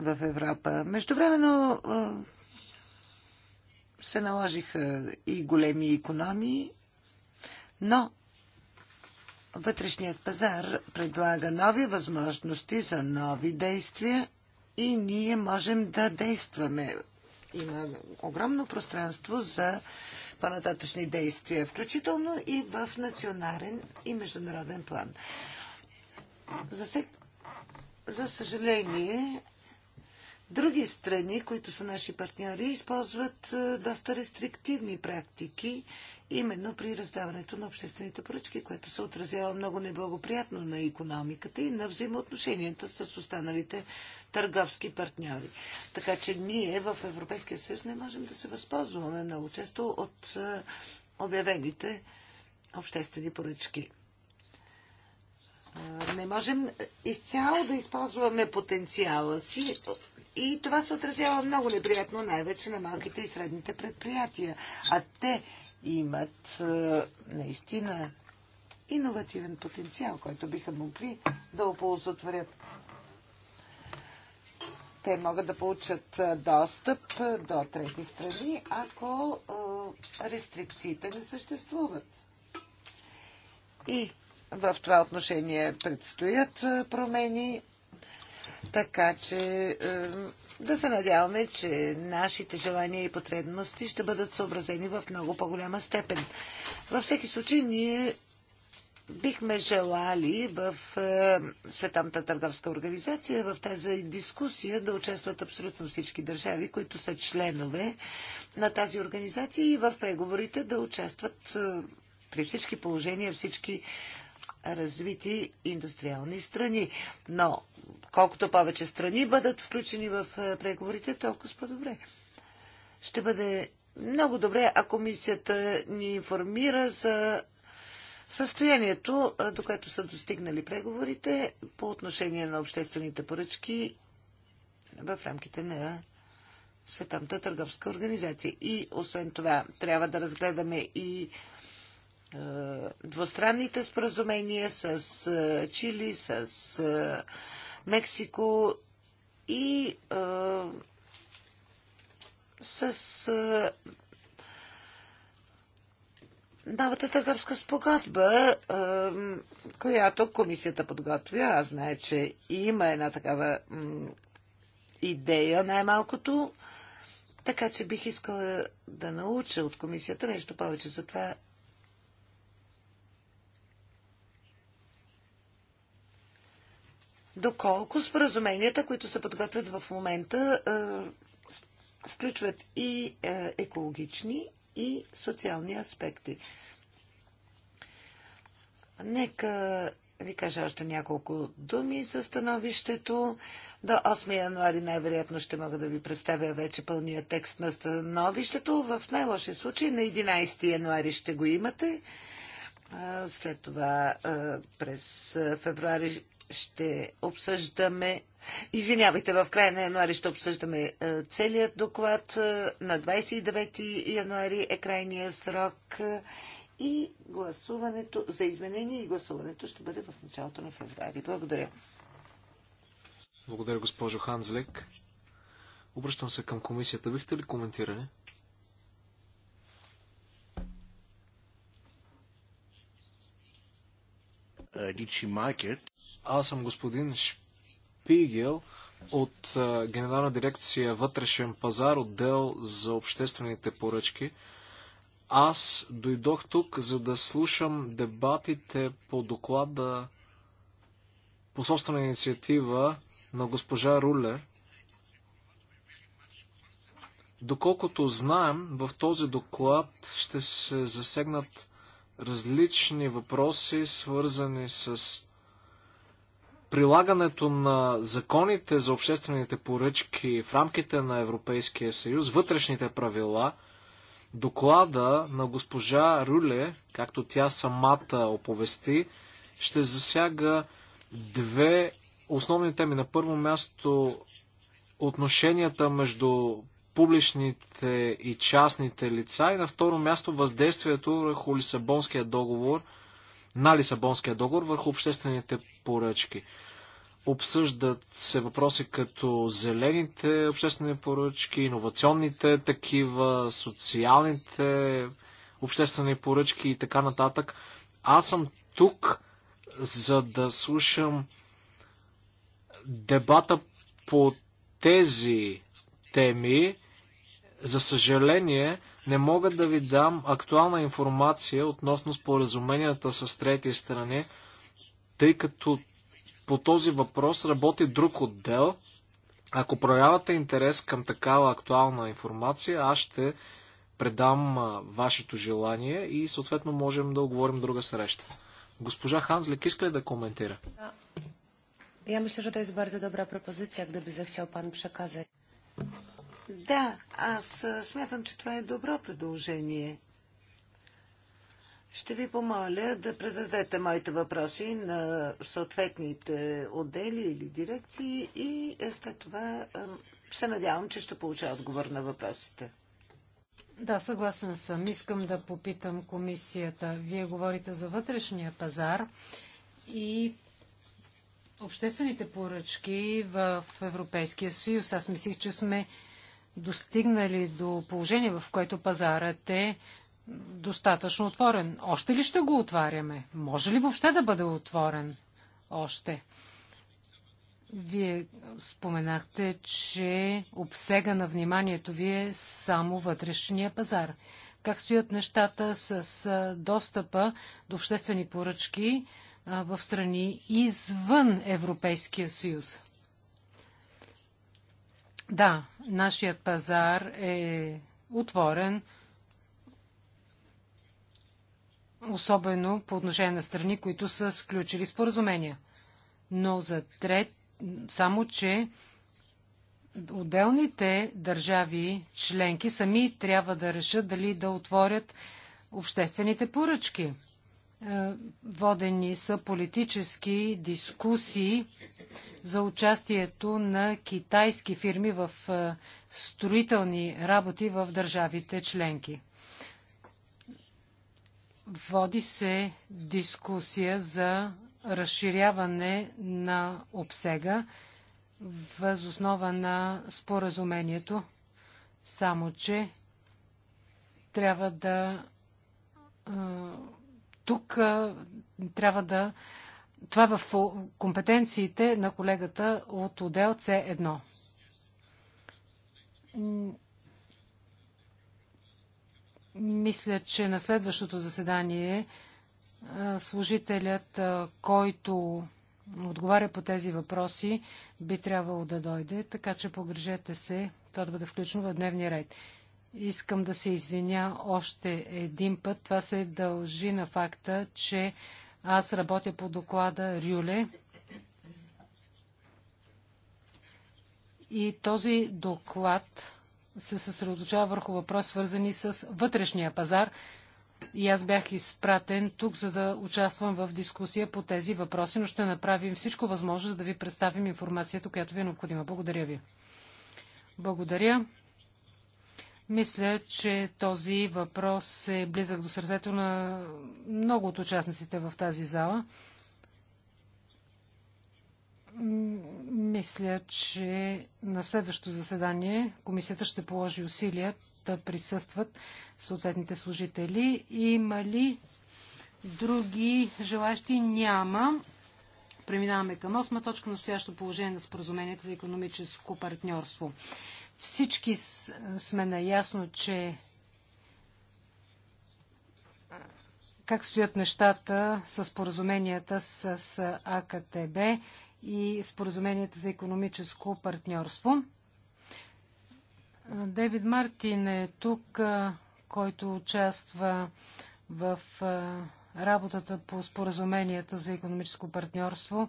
в Европа. Междувременно се наложиха и големи економии, но вътрешният пазар предлага нови възможности за нови действия и ние можем да действаме. Има огромно пространство за по-нататъчни действия, включително и в национален и международен план. За, се... за съжаление, Други страни, които са наши партньори, използват е, доста рестриктивни практики, именно при раздаването на обществените поръчки, което се отразява много неблагоприятно на економиката и на взаимоотношенията с останалите търговски партньори. Така че ние в Европейския съюз не можем да се възползваме много често от е, обявените обществени поръчки е, не можем изцяло да използваме потенциала си и това се отразява много неприятно, най-вече на малките и средните предприятия. А те имат наистина иновативен потенциал, който биха могли да оползотворят. Те могат да получат достъп до трети страни, ако рестрикциите не съществуват. И в това отношение предстоят промени така че е, да се надяваме, че нашите желания и потребности ще бъдат съобразени в много по-голяма степен. Във всеки случай ние бихме желали в е, Световната търговска организация, в тази дискусия да участват абсолютно всички държави, които са членове на тази организация и в преговорите да участват е, при всички положения всички развити индустриални страни. Но колкото повече страни бъдат включени в е, преговорите, толкова по-добре. Ще бъде много добре, а комисията ни информира за състоянието, е, до което са достигнали преговорите по отношение на обществените поръчки в рамките на Световната търговска организация. И освен това, трябва да разгледаме и е, двустранните споразумения с е, Чили, с е, Мексико и с новата търговска спогодба, която комисията подготвя. Аз знае, че има една такава идея, най-малкото. Така че бих искала да науча от комисията нещо повече за това доколко споразуменията, които се подготвят в момента, е, включват и е, екологични, и социални аспекти. Нека ви кажа още няколко думи за становището. До 8 януари най-вероятно ще мога да ви представя вече пълния текст на становището. В най-лоши случай на 11 януари ще го имате. След това през февруари ще обсъждаме. Извинявайте, в края на януари ще обсъждаме е, целият доклад. Е, на 29 януари е крайния срок е, и гласуването за изменение и гласуването ще бъде в началото на февруари. Благодаря. Благодаря, госпожо Ханзлек. Обръщам се към комисията. Бихте ли коментирали? Дичи аз съм господин Шпигел от Генерална дирекция Вътрешен пазар, отдел за обществените поръчки. Аз дойдох тук, за да слушам дебатите по доклада по собствена инициатива на госпожа Руле. Доколкото знаем, в този доклад ще се засегнат различни въпроси, свързани с прилагането на законите за обществените поръчки в рамките на Европейския съюз, вътрешните правила, доклада на госпожа Руле, както тя самата оповести, ще засяга две основни теми. На първо място отношенията между публичните и частните лица и на второ място въздействието върху Лисабонския договор – на Лисабонския договор върху обществените поръчки. Обсъждат се въпроси като зелените обществени поръчки, иновационните такива, социалните обществени поръчки и така нататък. Аз съм тук, за да слушам дебата по тези теми. За съжаление, не мога да ви дам актуална информация относно споразуменията с трети страни, тъй като по този въпрос работи друг отдел. Ако проявявате интерес към такава актуална информация, аз ще предам вашето желание и съответно можем да оговорим друга среща. Госпожа Ханзлик иска ли да коментира? Я, мисля, че to jest е добра пропозиция, propozycja, би zechciał пан Пшаказай. Да, аз смятам, че това е добро предложение. Ще ви помоля да предадете моите въпроси на съответните отдели или дирекции и е, след това е, се надявам, че ще получа отговор на въпросите. Да, съгласен съм. Искам да попитам комисията. Вие говорите за вътрешния пазар и обществените поръчки в Европейския съюз. Аз мислих, че сме достигнали до положение, в което пазарът е достатъчно отворен. Още ли ще го отваряме? Може ли въобще да бъде отворен още? Вие споменахте, че обсега на вниманието ви е само вътрешния пазар. Как стоят нещата с достъпа до обществени поръчки в страни извън Европейския съюз? Да, нашият пазар е отворен, особено по отношение на страни, които са сключили споразумения. Но за трет... само че отделните държави членки сами трябва да решат дали да отворят обществените поръчки – е, водени са политически дискусии за участието на китайски фирми в е, строителни работи в държавите членки. Води се дискусия за разширяване на обсега възоснова на споразумението, само че трябва да е, тук трябва да. Това е в компетенциите на колегата от отдел C1. Мисля, че на следващото заседание служителят, който отговаря по тези въпроси, би трябвало да дойде, така че погрежете се това да бъде включено в дневния ред. Искам да се извиня още един път. Това се дължи на факта, че аз работя по доклада Рюле. И този доклад се съсредоточава върху въпрос, свързани с вътрешния пазар. И аз бях изпратен тук, за да участвам в дискусия по тези въпроси, но ще направим всичко възможно, за да ви представим информацията, която ви е необходима. Благодаря ви. Благодаря. Мисля, че този въпрос е близък до сърцето на много от участниците в тази зала. Мисля, че на следващото заседание комисията ще положи усилия да присъстват съответните служители. Има ли други желащи? Няма. Преминаваме към осма точка. Настоящо положение на споразумението за економическо партньорство. Всички сме наясно, че как стоят нещата с поразуменията с АКТБ и споразуменията за економическо партньорство. Девид Мартин е тук, който участва в работата по споразуменията за економическо партньорство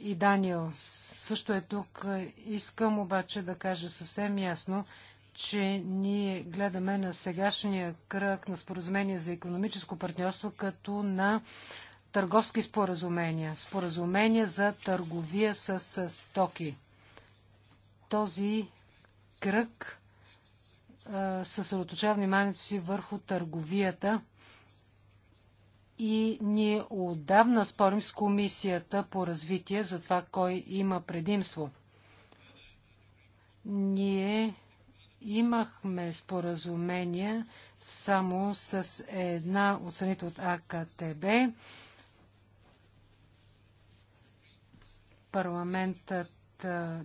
и Даниел също е тук. Искам обаче да кажа съвсем ясно, че ние гледаме на сегашния кръг на споразумение за економическо партньорство като на търговски споразумения. Споразумения за търговия с стоки. Този кръг съсредоточава вниманието си върху търговията – и ние отдавна спорим с комисията по развитие за това кой има предимство. Ние имахме споразумение само с една от страните от АКТБ. Парламентът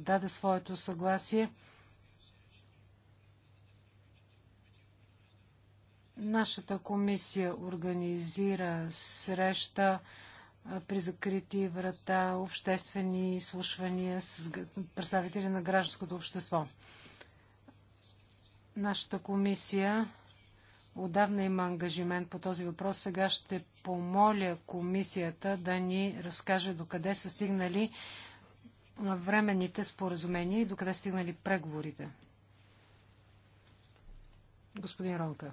даде своето съгласие Нашата комисия организира среща при закрити врата, обществени слушвания с представители на гражданското общество. Нашата комисия отдавна има ангажимент по този въпрос. Сега ще помоля комисията да ни разкаже докъде са стигнали временните споразумения и докъде са стигнали преговорите. Господин Ронка.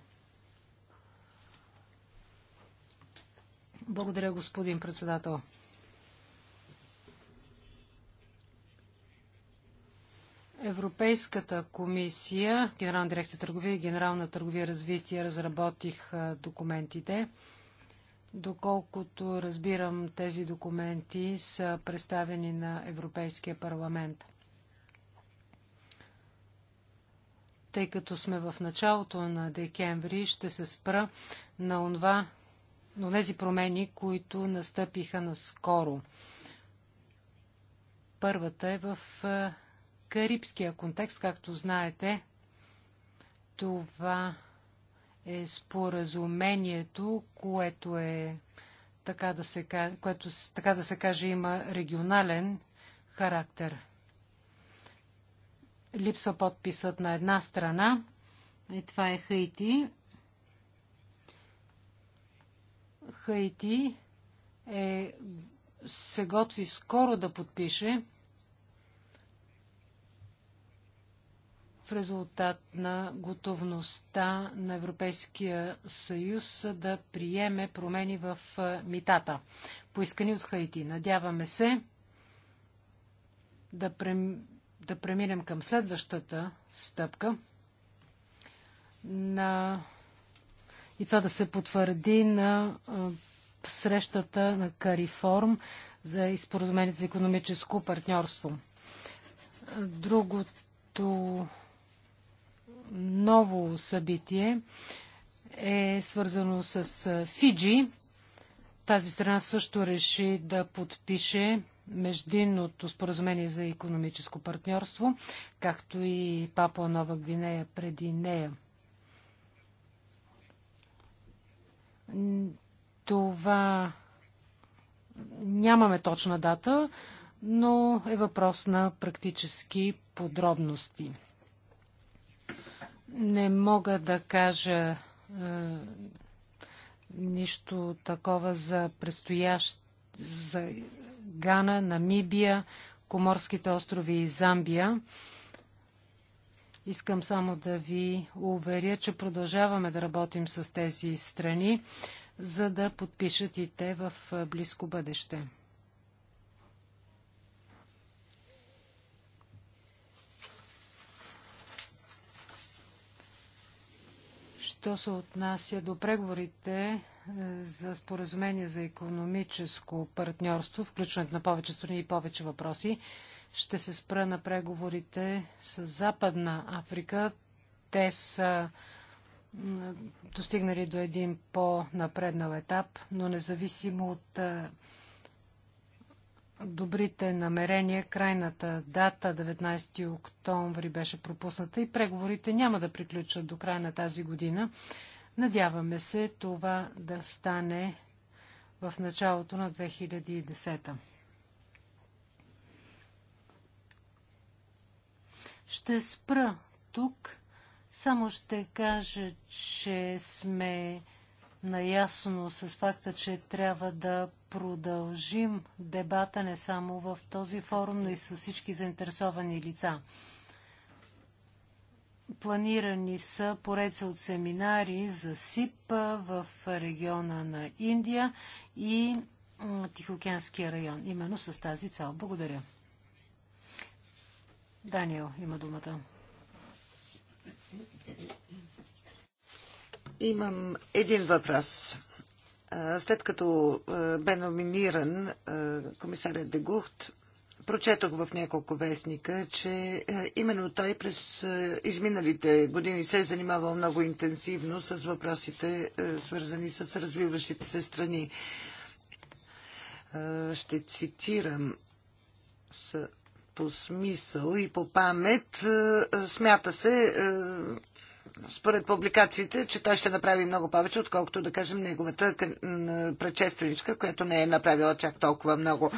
Благодаря, господин председател. Европейската комисия, Генерална дирекция търговия и Генерална търговия развитие разработих документите. Доколкото разбирам, тези документи са представени на Европейския парламент. Тъй като сме в началото на декември, ще се спра на това, но тези промени, които настъпиха наскоро. Първата е в е, карибския контекст, както знаете. Това е споразумението, което е така да се, което, така да се каже има регионален характер. Липсва подписът на една страна, и това е Хаити, Хаити е, се готви скоро да подпише в резултат на готовността на Европейския съюз да приеме промени в митата, поискани от Хаити. Надяваме се да, прем... да преминем към следващата стъпка на и това да се потвърди на срещата на Кариформ за изпоразумение за економическо партньорство. Другото ново събитие е свързано с Фиджи. Тази страна също реши да подпише междинното споразумение за економическо партньорство, както и Папуа Нова Гвинея преди нея. Това нямаме точна дата, но е въпрос на практически подробности. Не мога да кажа е, нищо такова за предстоящ за Гана, Намибия, Коморските острови и Замбия. Искам само да ви уверя, че продължаваме да работим с тези страни, за да подпишат и те в близко бъдеще. Що се отнася до преговорите е, за споразумение за економическо партньорство, включването на повече страни и повече въпроси, ще се спра на преговорите с Западна Африка. Те са достигнали до един по-напреднал етап, но независимо от добрите намерения, крайната дата 19 октомври беше пропусната и преговорите няма да приключат до края на тази година. Надяваме се това да стане в началото на 2010. Ще спра тук. Само ще кажа, че сме наясно с факта, че трябва да продължим дебата не само в този форум, но и с всички заинтересовани лица. Планирани са поредица от семинари за СИП в региона на Индия и Тихоокеанския район, именно с тази цел. Благодаря. Даниел има думата. Имам един въпрос. След като бе номиниран комисарят Дегухт, прочетох в няколко вестника, че именно той през изминалите години се е занимавал много интенсивно с въпросите, свързани с развиващите се страни. Ще цитирам с по смисъл и по памет. Е, е, смята се, е, според публикациите, че той ще направи много повече, отколкото, да кажем, неговата предшественичка, която не е направила чак толкова много.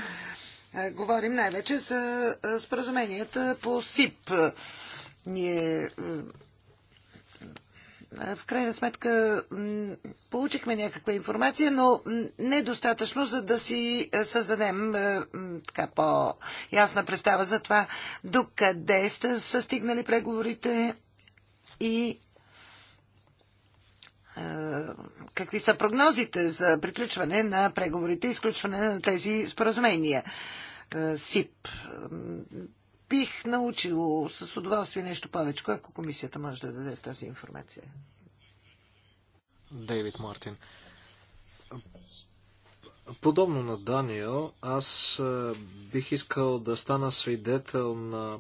Говорим най-вече за споразуменията по СИП. Ние в крайна сметка получихме някаква информация, но недостатъчно, за да си създадем така по-ясна представа за това докъде са стигнали преговорите и какви са прогнозите за приключване на преговорите и изключване на тези споразумения. СИП бих научил с удоволствие нещо повече, ако комисията може да даде тази информация. Дейвид Мартин. Подобно на Данио, аз е, бих искал да стана свидетел на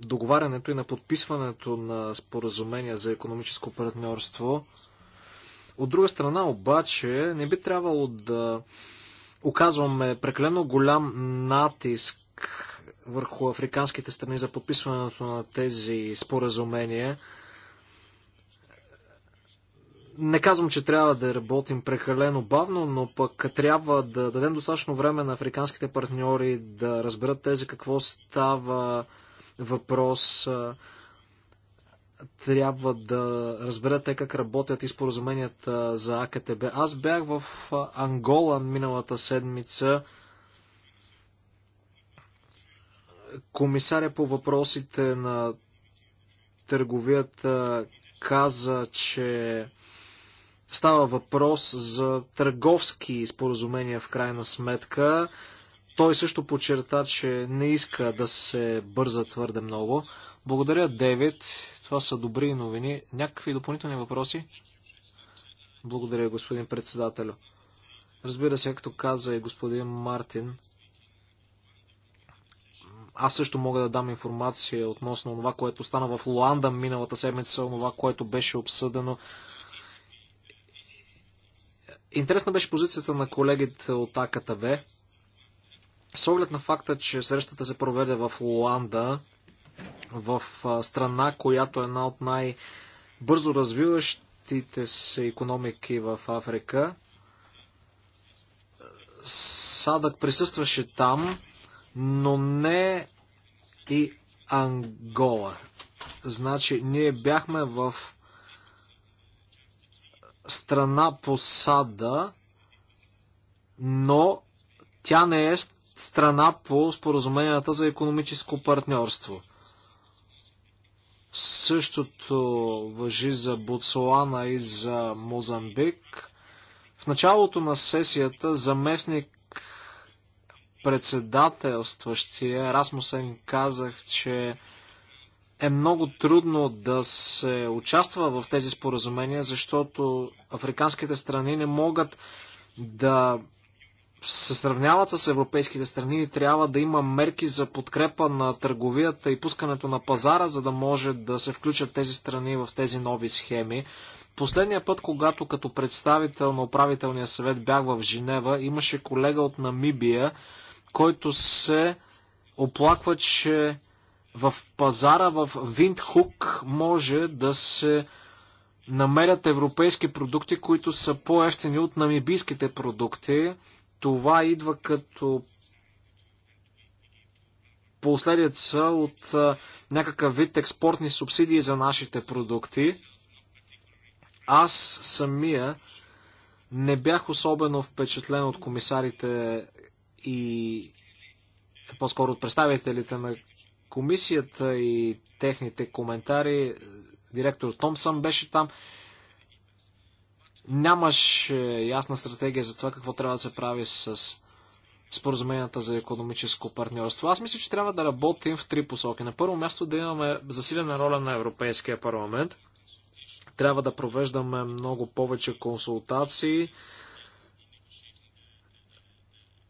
договарянето и на подписването на споразумения за економическо партньорство. От друга страна обаче не би трябвало да оказваме прекалено голям натиск върху африканските страни за подписването на тези споразумения. Не казвам, че трябва да работим прекалено бавно, но пък трябва да дадем достатъчно време на африканските партньори да разберат тези какво става въпрос. Трябва да разберат те как работят и споразуменията за АКТБ. Аз бях в Ангола миналата седмица комисаря по въпросите на търговията каза, че става въпрос за търговски споразумения в крайна сметка. Той също подчерта, че не иска да се бърза твърде много. Благодаря, Девид. Това са добри новини. Някакви допълнителни въпроси? Благодаря, господин председател. Разбира се, както каза и господин Мартин, аз също мога да дам информация относно това, което стана в Луанда миналата седмица, това, което беше обсъдено. Интересна беше позицията на колегите от АКТВ. С оглед на факта, че срещата се проведе в Луанда, в страна, която е една от най-бързо развиващите се економики в Африка, Садък присъстваше там но не и Ангола. Значи, ние бяхме в страна посада, но тя не е страна по споразуменията за економическо партньорство. Същото въжи за Ботсуана и за Мозамбик. В началото на сесията заместник председателстващия Расмусен казах, че е много трудно да се участва в тези споразумения, защото африканските страни не могат да се сравняват с европейските страни и трябва да има мерки за подкрепа на търговията и пускането на пазара, за да може да се включат тези страни в тези нови схеми. Последния път, когато като представител на управителния съвет бях в Женева, имаше колега от Намибия, който се оплаква, че в пазара в Виндхук може да се намерят европейски продукти, които са по-ефтини от намибийските продукти. Това идва като последица от някакъв вид експортни субсидии за нашите продукти. Аз самия не бях особено впечатлен от комисарите и по-скоро от представителите на комисията и техните коментари. Директор Томсън беше там. Нямаше ясна стратегия за това какво трябва да се прави с споразуменията за економическо партньорство. Аз мисля, че трябва да работим в три посоки. На първо място да имаме засилена роля на Европейския парламент. Трябва да провеждаме много повече консултации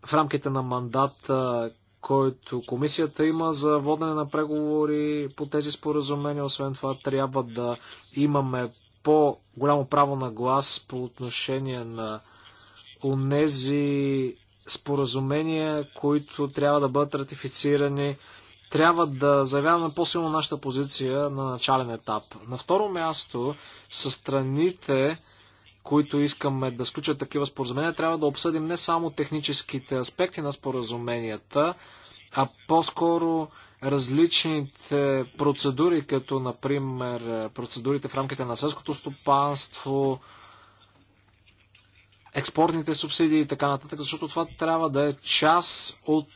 в рамките на мандата, който комисията има за водене на преговори по тези споразумения. Освен това, трябва да имаме по-голямо право на глас по отношение на онези споразумения, които трябва да бъдат ратифицирани. Трябва да заявяваме по-силно нашата позиция на начален етап. На второ място, със страните, които искаме да сключат такива споразумения, трябва да обсъдим не само техническите аспекти на споразуменията, а по-скоро различните процедури, като например процедурите в рамките на селското стопанство, експортните субсидии и така нататък, защото това трябва да е част от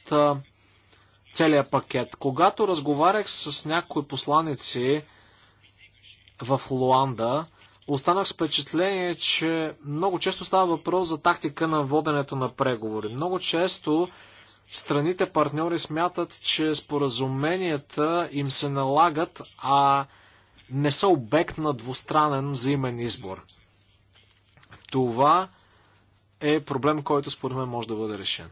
целият пакет. Когато разговарях с някои посланици в Луанда, останах с впечатление, че много често става въпрос за тактика на воденето на преговори. Много често страните партньори смятат, че споразуменията им се налагат, а не са обект на двустранен взаимен избор. Това е проблем, който според мен може да бъде решен.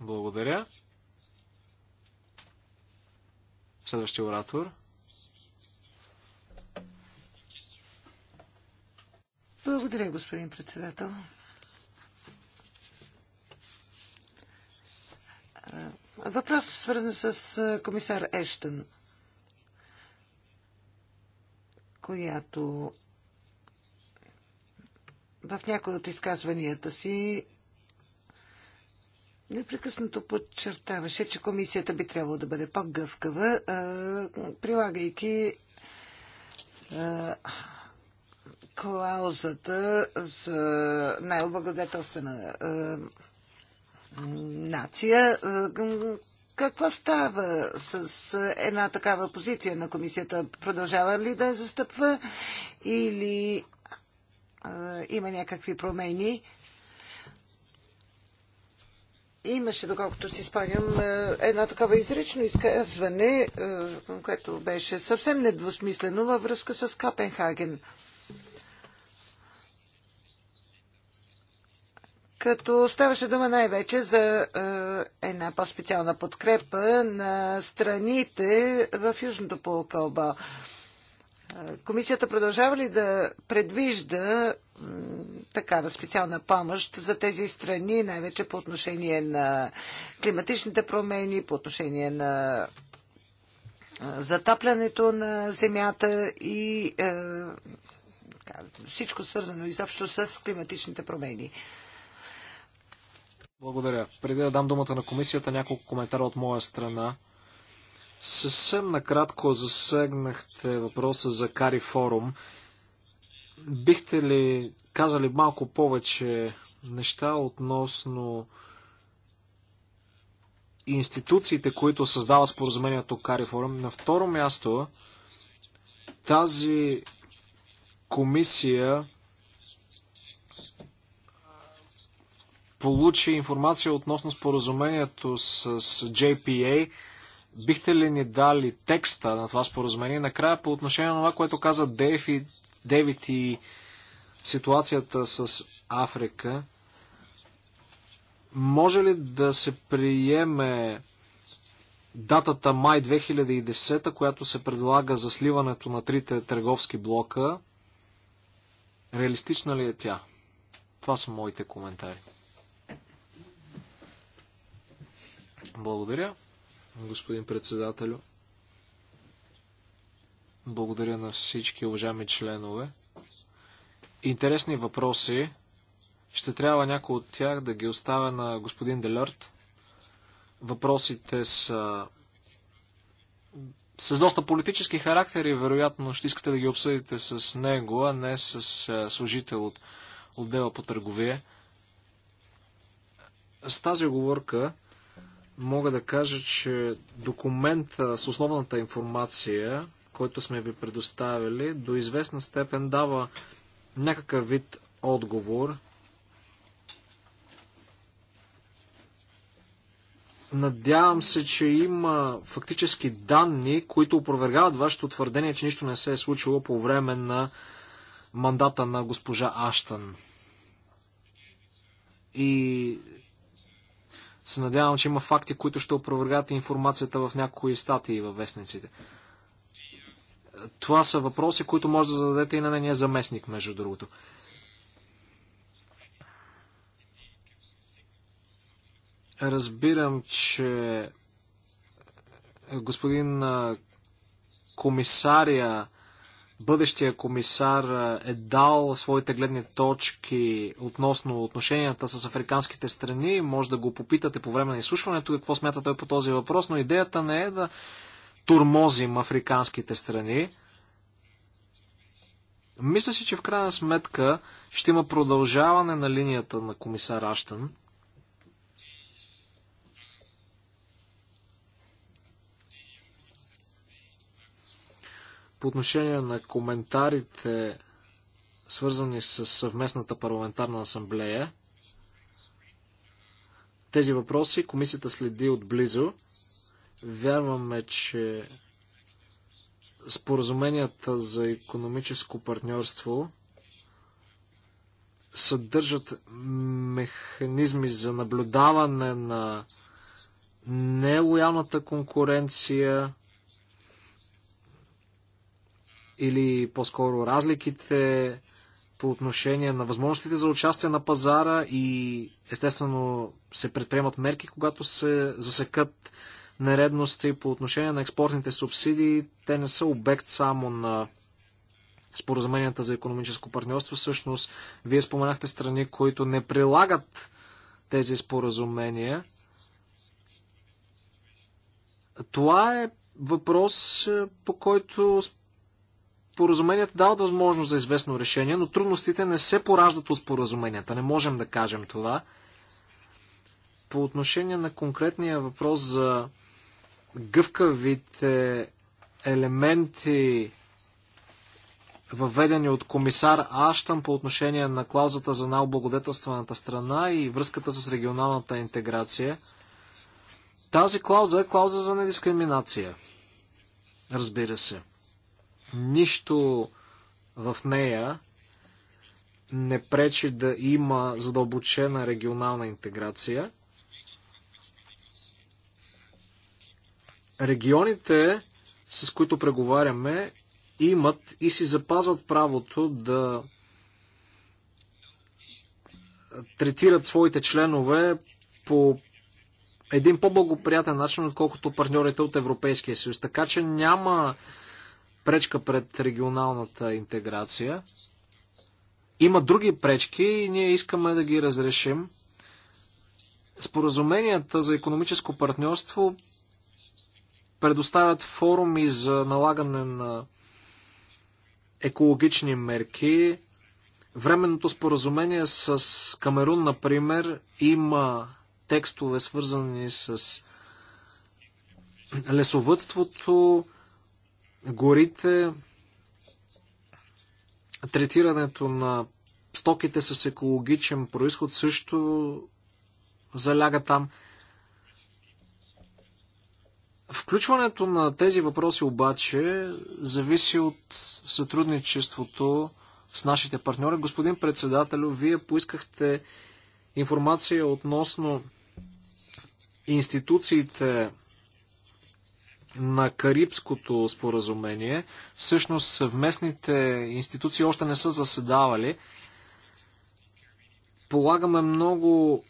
Благодаря. Следващия оратор – Благодаря, господин председател. Въпрос свързан с комисар Ештън, която в някои от изказванията си непрекъснато подчертаваше, че комисията би трябвало да бъде по-гъвкава, прилагайки клаузата за най-облагодетелствена е, нация. Е, Какво става с една такава позиция на комисията? Продължава ли да я застъпва или е, има някакви промени? Имаше, доколкото си спомням, едно такова изрично изказване, което беше съвсем недвусмислено във връзка с Копенхаген. като ставаше дума най-вече за е, една по-специална подкрепа на страните в Южното полукълбо. Е, комисията продължава ли да предвижда такава специална помощ за тези страни, най-вече по отношение на климатичните промени, по отношение на е, затаплянето на земята и е, всичко свързано изобщо с климатичните промени? Благодаря. Преди да дам думата на комисията, няколко коментара от моя страна. Съвсем накратко засегнахте въпроса за Кари Форум. Бихте ли казали малко повече неща относно институциите, които създават споразумението Кари Форум? На второ място, тази комисия получи информация относно споразумението с, с JPA. Бихте ли ни дали текста на това споразумение? Накрая по отношение на това, което каза Дейв и, Дейвид и ситуацията с Африка, може ли да се приеме датата май 2010, която се предлага за сливането на трите търговски блока? Реалистична ли е тя? Това са моите коментари. Благодаря, господин председателю. Благодаря на всички уважаеми членове. Интересни въпроси. Ще трябва някой от тях да ги оставя на господин Делерт. Въпросите са с доста политически характери, вероятно ще искате да ги обсъдите с него, а не с служител от отдела по търговия. С тази оговорка мога да кажа, че документ с основната информация, който сме ви предоставили, до известна степен дава някакъв вид отговор Надявам се, че има фактически данни, които опровергават вашето твърдение, че нищо не се е случило по време на мандата на госпожа Аштън. И се надявам, че има факти, които ще опровергат информацията в някои статии във вестниците. Това са въпроси, които може да зададете и на нения заместник, между другото. Разбирам, че господин комисария бъдещия комисар е дал своите гледни точки относно отношенията с африканските страни. Може да го попитате по време на изслушването какво смята той по този въпрос, но идеята не е да турмозим африканските страни. Мисля си, че в крайна сметка ще има продължаване на линията на комисар Аштън. По отношение на коментарите, свързани с съвместната парламентарна асамблея, тези въпроси комисията следи отблизо. Вярваме, че споразуменията за економическо партньорство съдържат механизми за наблюдаване на нелоялната конкуренция, или по-скоро разликите по отношение на възможностите за участие на пазара и естествено се предприемат мерки, когато се засекат нередности по отношение на експортните субсидии. Те не са обект само на споразуменията за економическо партньорство. Всъщност, вие споменахте страни, които не прилагат тези споразумения. Това е въпрос, по който споразуменията дават възможност за известно решение, но трудностите не се пораждат от споразуменията. Не можем да кажем това. По отношение на конкретния въпрос за гъвкавите елементи, въведени от комисар Аштан по отношение на клаузата за най-облагодетелстваната страна и връзката с регионалната интеграция. Тази клауза е клауза за недискриминация. Разбира се. Нищо в нея не пречи да има задълбочена регионална интеграция. Регионите, с които преговаряме, имат и си запазват правото да третират своите членове по един по-благоприятен начин, отколкото партньорите от Европейския съюз. Така че няма пречка пред регионалната интеграция. Има други пречки и ние искаме да ги разрешим. Споразуменията за економическо партньорство предоставят форуми за налагане на екологични мерки. Временното споразумение с Камерун, например, има текстове свързани с лесовътството, горите, третирането на стоките с екологичен происход също заляга там. Включването на тези въпроси обаче зависи от сътрудничеството с нашите партньори. Господин председател, вие поискахте информация относно институциите на Карибското споразумение. Всъщност съвместните институции още не са заседавали. Полагаме много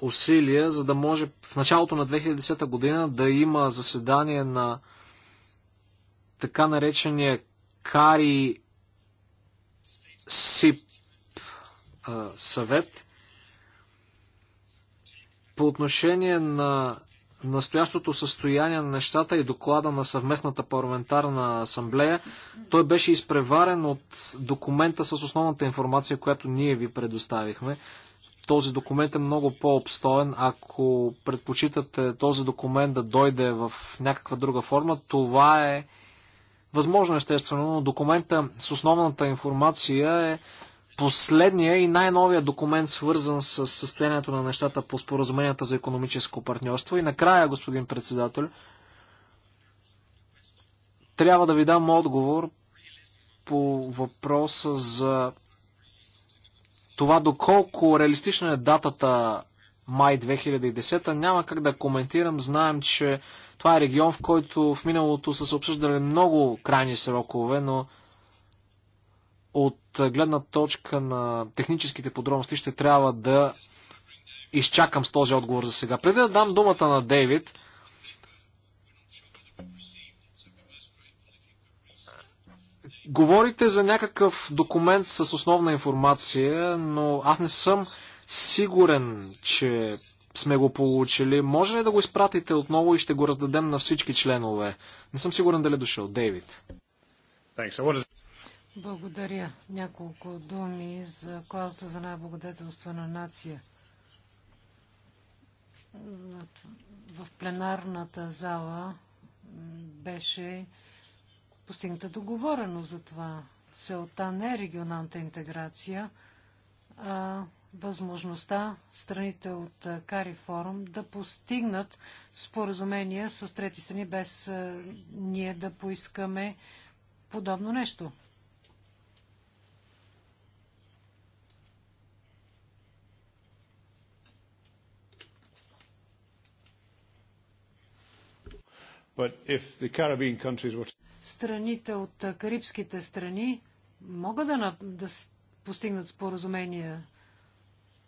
усилия, за да може в началото на 2010 година да има заседание на така наречения Кари СИП съвет. По отношение на настоящото състояние на нещата и доклада на съвместната парламентарна асамблея. Той беше изпреварен от документа с основната информация, която ние ви предоставихме. Този документ е много по-обстоен. Ако предпочитате този документ да дойде в някаква друга форма, това е възможно естествено, но документа с основната информация е последния и най-новия документ, свързан с състоянието на нещата по споразуменията за економическо партньорство. И накрая, господин председател, трябва да ви дам отговор по въпроса за това доколко реалистична е датата май 2010. Няма как да коментирам. Знаем, че това е регион, в който в миналото са се обсъждали много крайни срокове, но от гледна точка на техническите подробности ще трябва да изчакам с този отговор за сега. Преди да дам думата на Дейвид, говорите за някакъв документ с основна информация, но аз не съм сигурен, че сме го получили. Може ли да го изпратите отново и ще го раздадем на всички членове? Не съм сигурен дали е дошъл. Дейвид. Благодаря. Няколко думи за клаузата за най-благодетелство на нация. В пленарната зала беше постигната договорено за това. Целта не е регионалната интеграция, а възможността страните от Кари Форум да постигнат споразумения с трети страни, без ние да поискаме подобно нещо. Страните от карибските страни могат да, да постигнат споразумения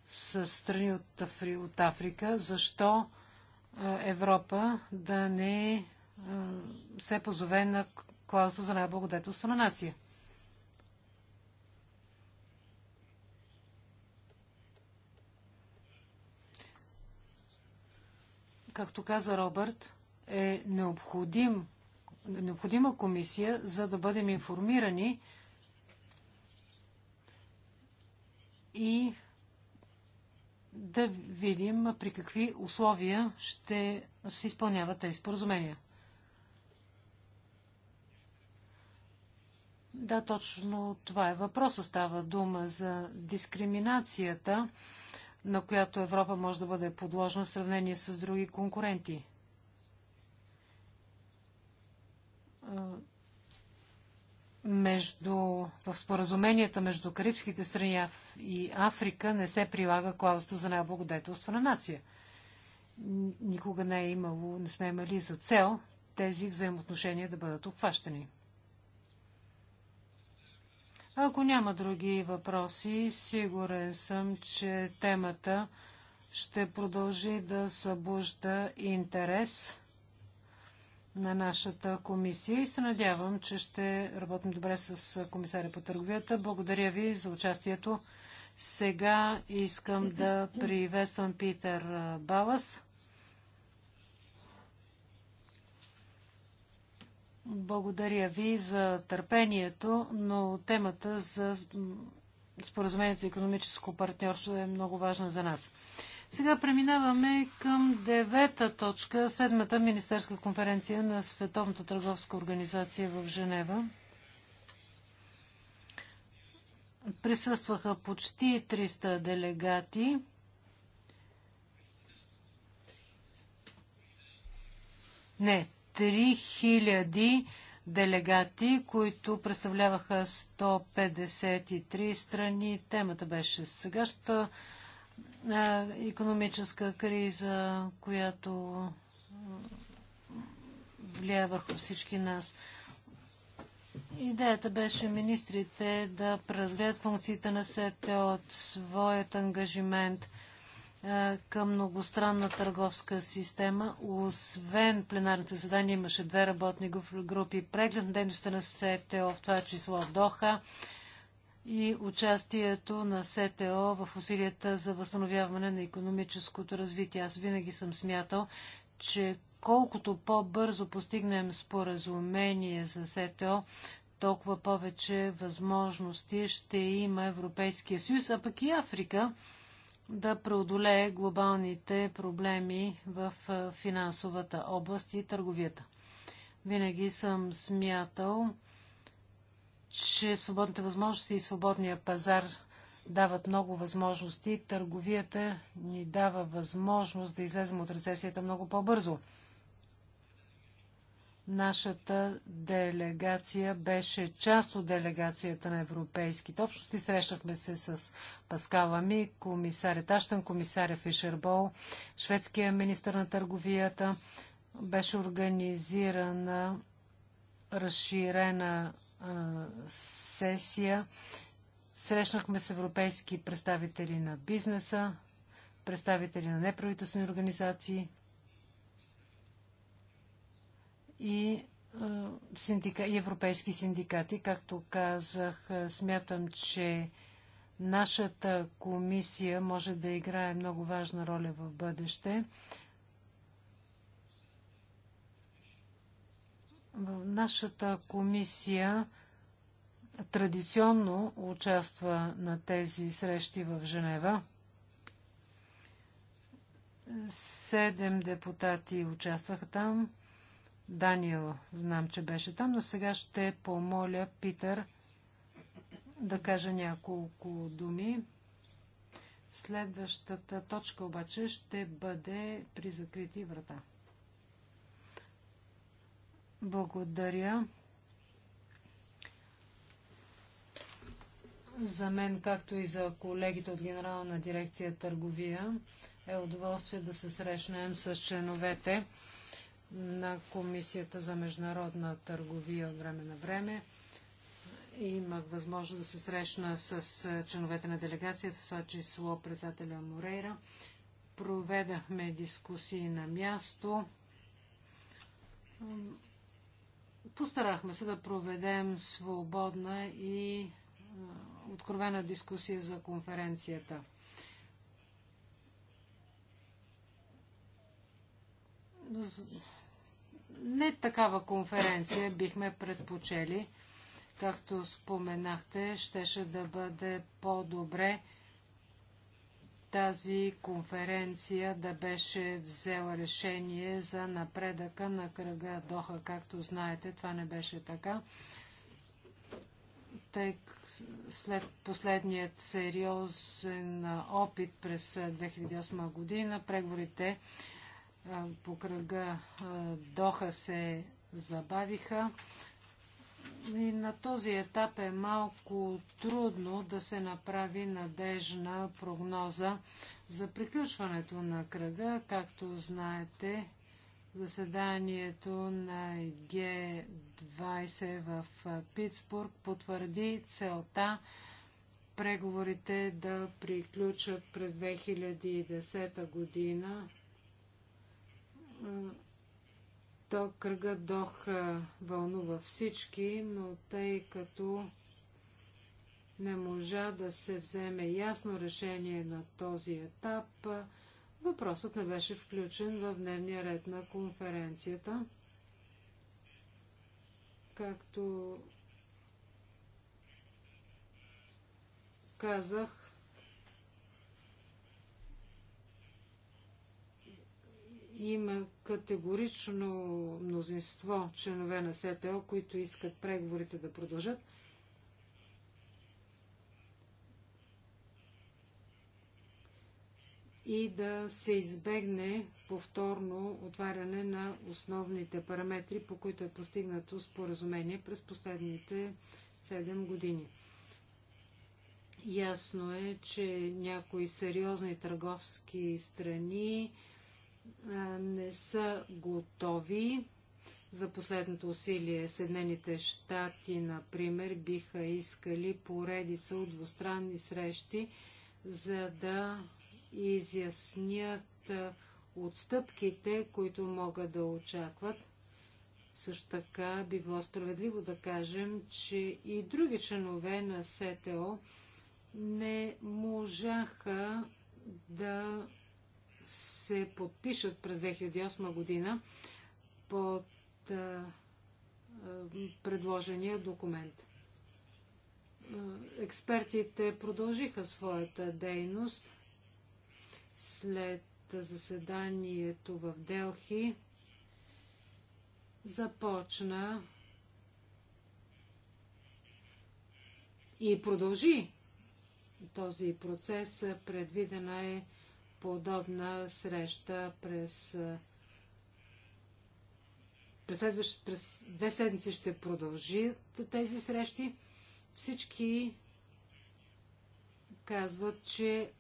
с страни от, Афри, от Африка, защо Европа да не се позове на клауза за най-благодетелство на нация. Както каза Робърт, е необходим, необходима комисия, за да бъдем информирани и да видим при какви условия ще се изпълняват тези споразумения. Да, точно това е въпроса. Става дума за дискриминацията, на която Европа може да бъде подложена в сравнение с други конкуренти. между, в споразуменията между Карибските страни и Африка не се прилага клаузата за най-благодетелство на нация. Никога не е имало, не сме имали за цел тези взаимоотношения да бъдат обхващани. Ако няма други въпроси, сигурен съм, че темата ще продължи да събужда интерес на нашата комисия и се надявам, че ще работим добре с комисаря по търговията. Благодаря ви за участието. Сега искам да приветствам Питер Балас. Благодаря ви за търпението, но темата за споразумението за економическо партньорство е много важна за нас. Сега преминаваме към девета точка, седмата министерска конференция на Световната търговска организация в Женева. Присъстваха почти 300 делегати. Не, 3000 делегати, които представляваха 153 страни. Темата беше сегашната економическа криза, която влияе върху всички нас. Идеята беше министрите да преразгледат функциите на СЕТЕ от своят ангажимент към многостранна търговска система. Освен пленарните задания имаше две работни групи. Преглед на дейността на СЕТЕО, в това число в Доха, и участието на СТО в усилията за възстановяване на економическото развитие. Аз винаги съм смятал, че колкото по-бързо постигнем споразумение за СТО, толкова повече възможности ще има Европейския съюз, а пък и Африка да преодолее глобалните проблеми в финансовата област и търговията. Винаги съм смятал, че свободните възможности и свободния пазар дават много възможности. Търговията ни дава възможност да излезем от рецесията много по-бързо. Нашата делегация беше част от делегацията на европейските общности. Срещахме се с Паскала Ми, комисаря Таштан, комисаря Фишербол, шведския министр на търговията. Беше организирана разширена сесия. Срещнахме с европейски представители на бизнеса, представители на неправителствени организации и синдика, и европейски синдикати. Както казах, смятам, че нашата комисия може да играе много важна роля в бъдеще. В нашата комисия традиционно участва на тези срещи в Женева. Седем депутати участваха там. Даниел знам, че беше там, но сега ще помоля Питър да кажа няколко думи. Следващата точка обаче ще бъде при закрити врата. Благодаря. За мен, както и за колегите от Генерална дирекция търговия, е удоволствие да се срещнем с членовете на Комисията за международна търговия от време на време. Имах възможност да се срещна с членовете на делегацията, в това число председателя Морейра. Проведахме дискусии на място Постарахме се да проведем свободна и откровена дискусия за конференцията. Не такава конференция бихме предпочели. Както споменахте, щеше да бъде по-добре тази конференция да беше взела решение за напредъка на кръга Доха. Както знаете, това не беше така. Тъй след последният сериозен опит през 2008 година, преговорите по кръга Доха се забавиха. И на този етап е малко трудно да се направи надежна прогноза за приключването на кръга. Както знаете, заседанието на Г20 в Питсбург потвърди целта преговорите да приключат през 2010 година то кръга Дох вълнува всички, но тъй като не можа да се вземе ясно решение на този етап, въпросът не беше включен в дневния ред на конференцията. Както казах, има категорично мнозинство членове на СТО, които искат преговорите да продължат. и да се избегне повторно отваряне на основните параметри, по които е постигнато споразумение през последните 7 години. Ясно е, че някои сериозни търговски страни не са готови за последното усилие. Съединените щати, например, биха искали поредица от двустранни срещи, за да изяснят отстъпките, които могат да очакват. Също така би било справедливо да кажем, че и други членове на СТО не можаха да се подпишат през 2008 година под а, предложения документ. Експертите продължиха своята дейност след заседанието в Делхи. Започна и продължи този процес. Предвидена е подобна среща през, през, следващ, през две седмици ще продължи тези срещи. Всички казват, че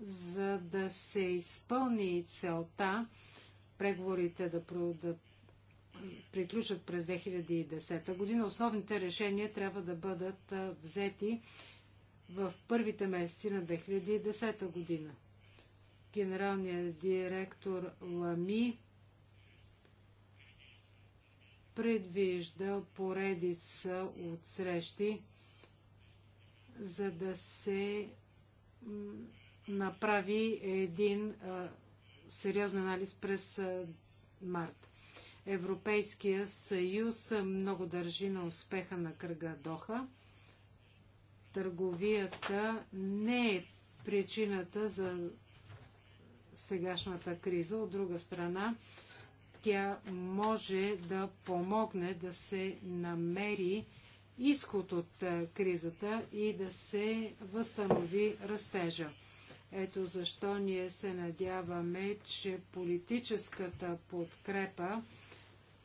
за да се изпълни целта, преговорите да, да приключат през 2010 година, основните решения трябва да бъдат взети в първите месеци на 2010 година генералния директор Лами предвижда поредица от срещи, за да се направи един сериозен анализ през март. Европейския съюз много държи на успеха на кръга Доха. Търговията не е причината за сегашната криза. От друга страна, тя може да помогне да се намери изход от е, кризата и да се възстанови растежа. Ето защо ние се надяваме, че политическата подкрепа,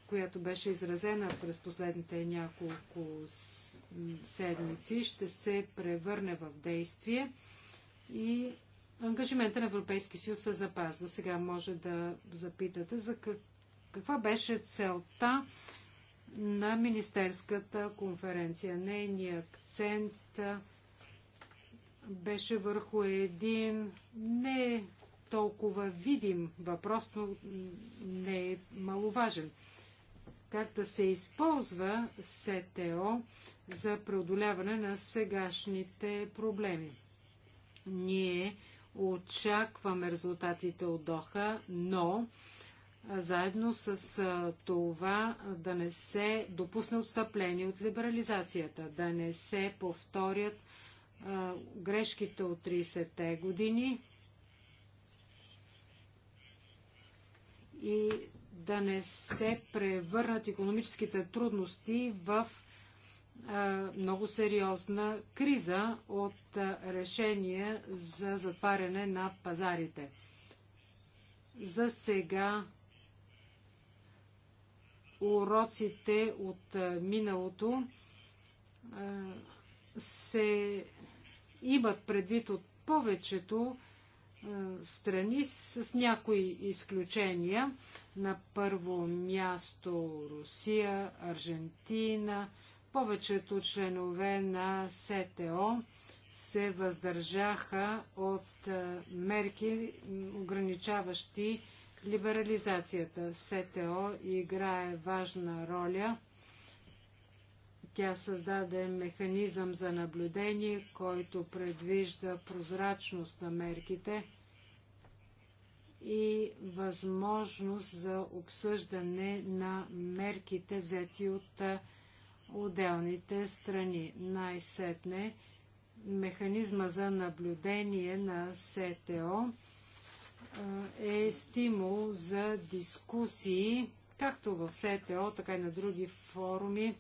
която беше изразена през последните няколко седмици, ще се превърне в действие и ангажимента на Европейски съюз се запазва. Сега може да запитате за каква беше целта на Министерската конференция. Нейният акцент беше върху един не толкова видим въпрос, но не е маловажен. Как да се използва СТО за преодоляване на сегашните проблеми? Ние Очакваме резултатите от Доха, но заедно с това да не се допусне отстъпление от либерализацията, да не се повторят грешките от 30-те години и да не се превърнат економическите трудности в много сериозна криза от решения за затваряне на пазарите. За сега уроците от миналото се имат предвид от повечето страни с някои изключения. На първо място Русия, Аржентина, повечето членове на СТО се въздържаха от е, мерки, ограничаващи либерализацията. СТО играе важна роля. Тя създаде механизъм за наблюдение, който предвижда прозрачност на мерките и възможност за обсъждане на мерките, взети от е, отделните страни. Най-сетне механизма за наблюдение на СТО е стимул за дискусии, както в СТО, така и на други форуми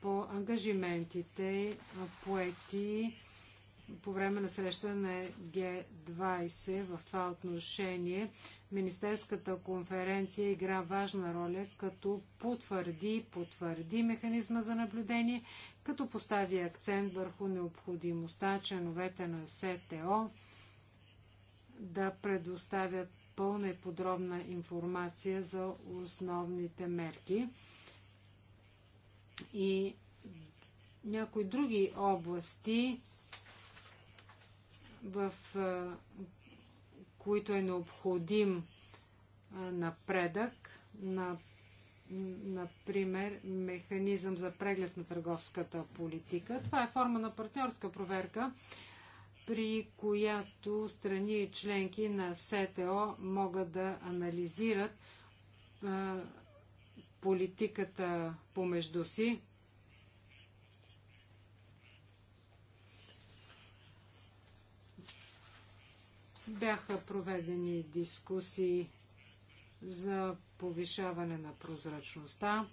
по ангажиментите, поети по време на среща на Г-20 в това отношение Министерската конференция игра важна роля, като потвърди, потвърди механизма за наблюдение, като постави акцент върху необходимостта членовете на СТО да предоставят пълна и подробна информация за основните мерки. И някои други области, в които е необходим напредък, на, например, механизъм за преглед на търговската политика. Това е форма на партньорска проверка, при която страни и членки на СТО могат да анализират а, политиката помежду си, Бяха проведени дискусии за повишаване на прозрачността.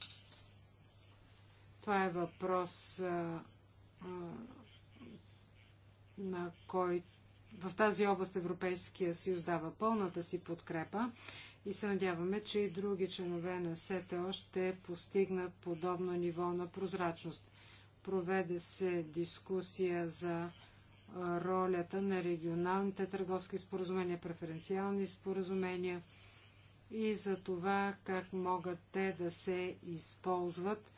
Това е въпрос, а, а, на който в тази област Европейския съюз дава пълната си подкрепа и се надяваме, че и други членове на СТО ще постигнат подобно ниво на прозрачност. Проведе се дискусия за ролята на регионалните търговски споразумения, преференциални споразумения и за това как могат те да се използват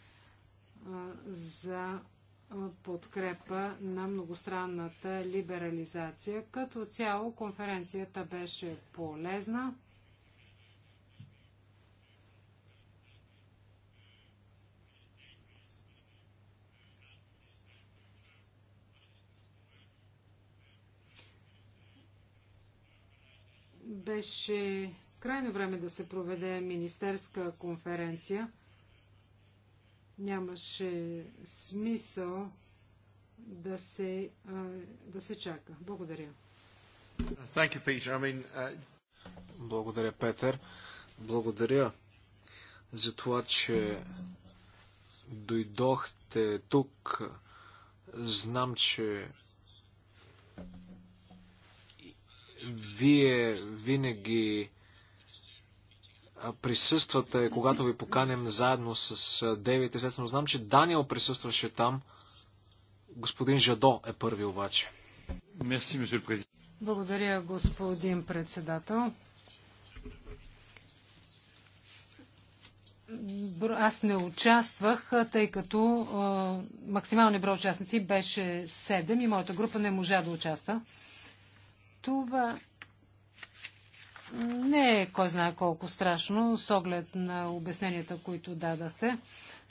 за подкрепа на многостранната либерализация. Като цяло конференцията беше полезна. Беше крайно време да се проведе министерска конференция. Нямаше смисъл да се, да се чака. Благодаря. Thank you, Peter. I mean, uh... Благодаря, Петър. Благодаря за това, че дойдохте тук. Знам, че вие винаги присъствате, когато ви поканем заедно с Девит. Естествено, знам, че Даниел присъстваше там. Господин Жадо е първи обаче. Благодаря, господин председател. Аз не участвах, тъй като максималният брой участници беше 7 и моята група не можа да участва. Това не е кой знае колко страшно, с оглед на обясненията, които дадахте,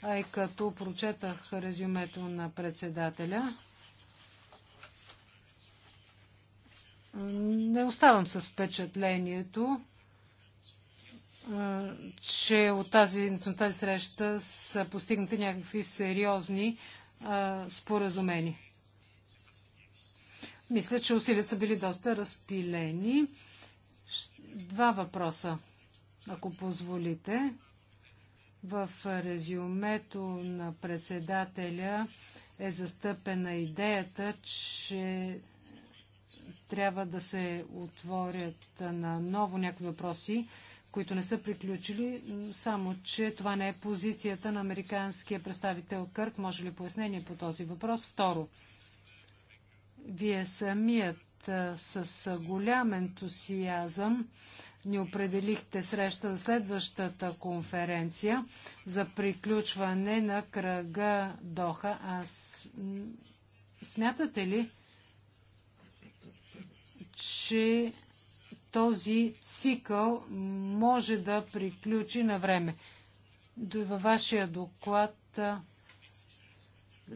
а и като прочетах резюмето на председателя. Не оставам с впечатлението, че от тази, на тази среща са постигнати някакви сериозни споразумени. Мисля, че усилията са били доста разпилени. Два въпроса, ако позволите. В резюмето на председателя е застъпена идеята, че трябва да се отворят на ново някакви въпроси, които не са приключили, само че това не е позицията на американския представител Кърк. Може ли пояснение по този въпрос? Второ, вие самият с голям ентусиазъм ни определихте среща за следващата конференция за приключване на кръга Доха. Аз смятате ли, че този цикъл може да приключи на време? Във вашия доклад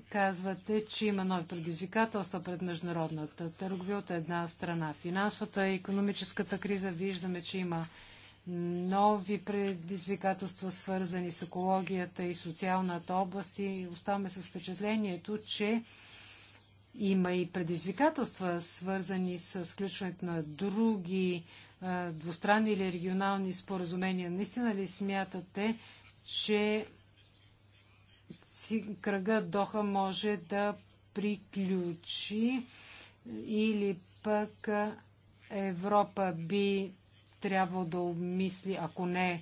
казвате, че има нови предизвикателства пред международната търговия от една страна. Финансовата и економическата криза виждаме, че има нови предизвикателства, свързани с екологията и социалната област и оставаме с впечатлението, че има и предизвикателства, свързани с включването на други двустранни или регионални споразумения. Наистина ли смятате, че кръга Доха може да приключи или пък Европа би трябвало да обмисли, ако не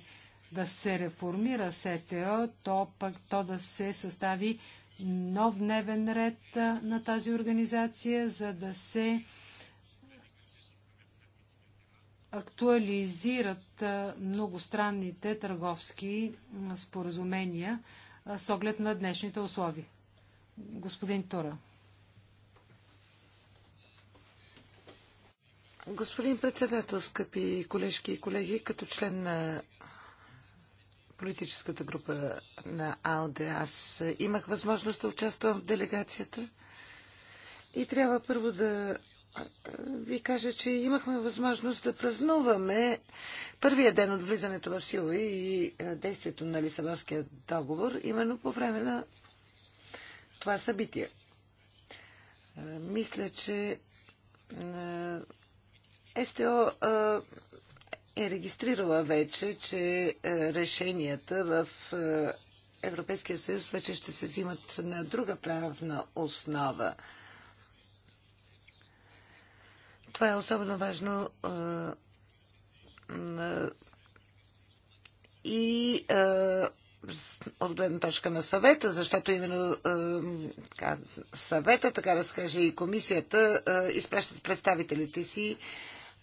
да се реформира СТО, то пък то да се състави нов дневен ред на тази организация, за да се актуализират многостранните търговски споразумения с оглед на днешните условия. Господин Тура. Господин председател, скъпи колежки и колеги, като член на политическата група на АОДЕ, аз имах възможност да участвам в делегацията и трябва първо да ви кажа, че имахме възможност да празнуваме първия ден от влизането в сила и е, действието на Лисабонския договор, именно по време на това събитие. Е, мисля, че е, СТО е регистрирала вече, че решенията в Европейския съюз вече ще се взимат на друга правна основа. Това е особено важно и от гледна точка на съвета, защото именно така, съвета, така да скаже и комисията изпращат представителите си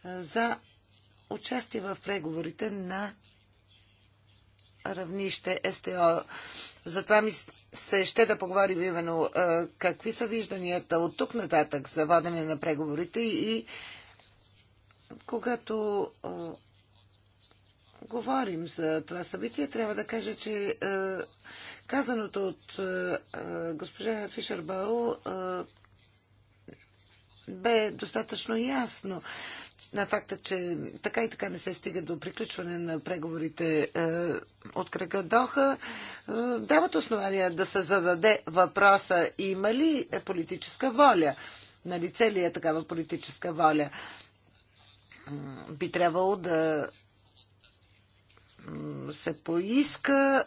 за участие в преговорите на равнище СТО. Затова ми се ще да поговорим именно какви са вижданията от тук нататък за водене на преговорите и когато говорим за това събитие, трябва да кажа, че казаното от госпожа Фишербао бе достатъчно ясно на факта, че така и така не се стига до приключване на преговорите е, от кръга Доха, е, дават основания да се зададе въпроса има ли политическа воля. Нали, ли е такава политическа воля? Би трябвало да се поиска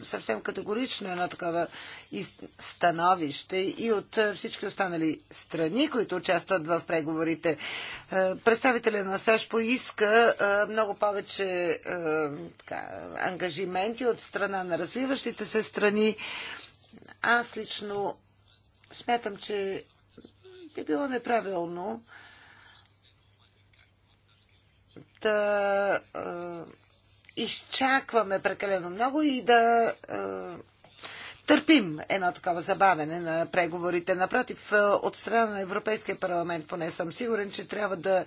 съвсем категорично едно такова становище и от всички останали страни, които участват в преговорите. Представителя на САЩ поиска много повече така, ангажименти от страна на развиващите се страни. Аз лично смятам, че би било неправилно да изчакваме прекалено много и да е, търпим едно такова забавене на преговорите. Напротив, е, от страна на Европейския парламент, поне съм сигурен, че трябва да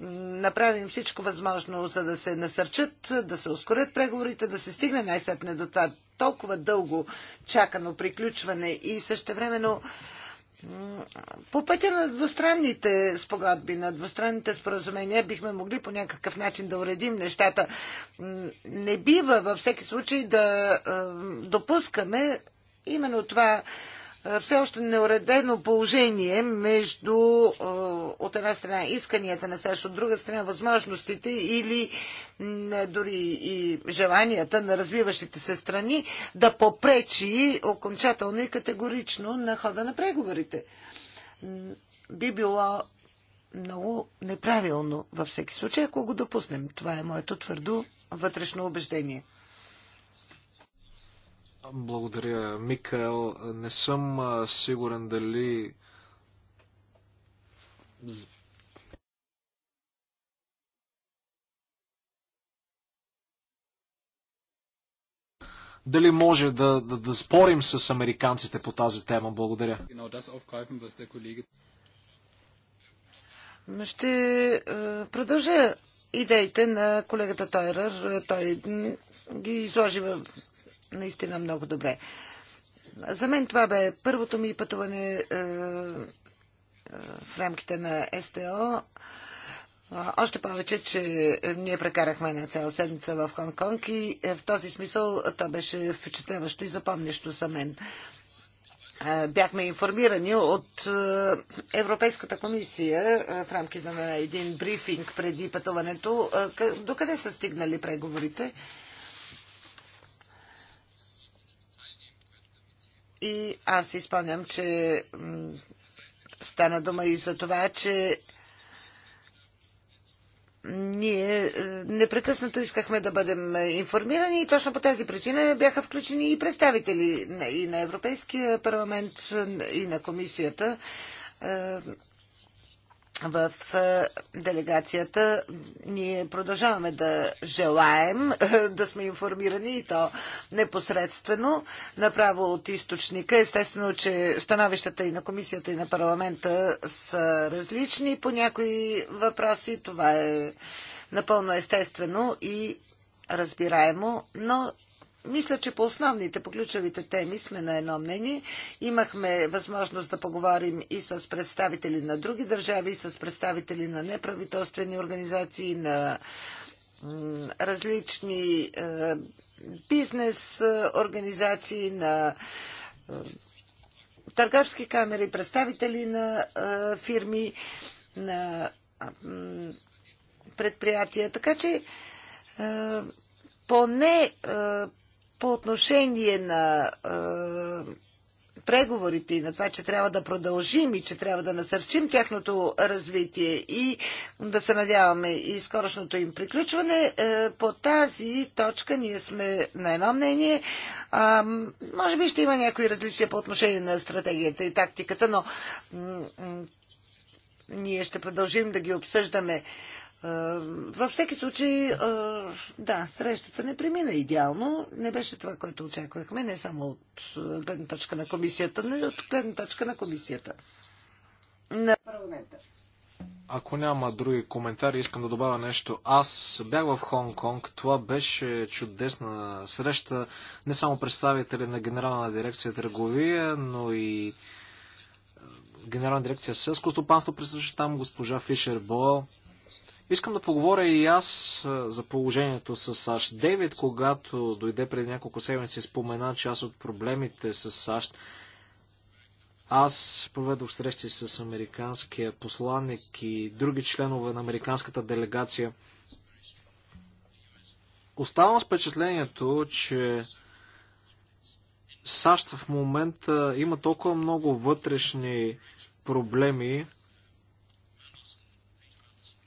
направим всичко възможно, за да се насърчат, да се ускорят преговорите, да се стигне най-сетне до това толкова дълго чакано приключване и същевременно времено по пътя на двустранните спогодби, на двустранните споразумения, бихме могли по някакъв начин да уредим нещата. Не бива във всеки случай да допускаме именно това е, все още неуредено положение между е, от една страна исканията на САЩ, от друга страна възможностите или дори и желанията на развиващите се страни да попречи окончателно и категорично на хода на преговорите. Би било много неправилно във всеки случай, ако го допуснем. Това е моето твърдо вътрешно убеждение. Благодаря, Микаел. Не съм сигурен дали дали може да, да, да спорим с американците по тази тема. Благодаря. Ще продължа идеите на колегата Тайрър. Той ги изложи в наистина много добре. За мен това бе първото ми пътуване е, е, в рамките на СТО. Още повече, че ние прекарахме на цяла седмица в Хонг-Конг и е, в този смисъл то беше впечатляващо и запомнящо за мен. Бяхме информирани от Европейската комисия в рамките на един брифинг преди пътуването, докъде са стигнали преговорите И аз изпълням, че стана дума и за това, че ние е, непрекъснато искахме да бъдем информирани и точно по тази причина бяха включени и представители и на Европейския парламент, и на комисията. Е, в е, делегацията ние продължаваме да желаем е, да сме информирани и то непосредствено, направо от източника. Естествено, че становищата и на комисията и на парламента са различни по някои въпроси. Това е напълно естествено и разбираемо, но мисля, че по основните, по ключовите теми сме на едно мнение. Имахме възможност да поговорим и с представители на други държави, и с представители на неправителствени организации, на различни е, бизнес е, организации, на е, търговски камери, представители на фирми, на предприятия. Така че поне по отношение на е, преговорите и на това, че трябва да продължим и че трябва да насърчим тяхното развитие и да се надяваме и скорошното им приключване, е, по тази точка ние сме на едно мнение. А, може би ще има някои различия по отношение на стратегията и тактиката, но ние ще продължим да ги обсъждаме. Във всеки случай, да, срещата не премина идеално. Не беше това, което очаквахме, не само от гледна точка на комисията, но и от гледна точка на комисията. На парламента. Ако няма други коментари, искам да добавя нещо. Аз бях в Хонг Конг. Това беше чудесна среща. Не само представители на Генерална дирекция търговия, но и Генерална дирекция селско стопанство присъща там, госпожа Фишер Бо, Искам да поговоря и аз за положението с САЩ. Дейвид, когато дойде преди няколко седмици, спомена част от проблемите с САЩ. Аз проведох срещи с американския посланник и други членове на американската делегация. Оставам с впечатлението, че САЩ в момента има толкова много вътрешни проблеми,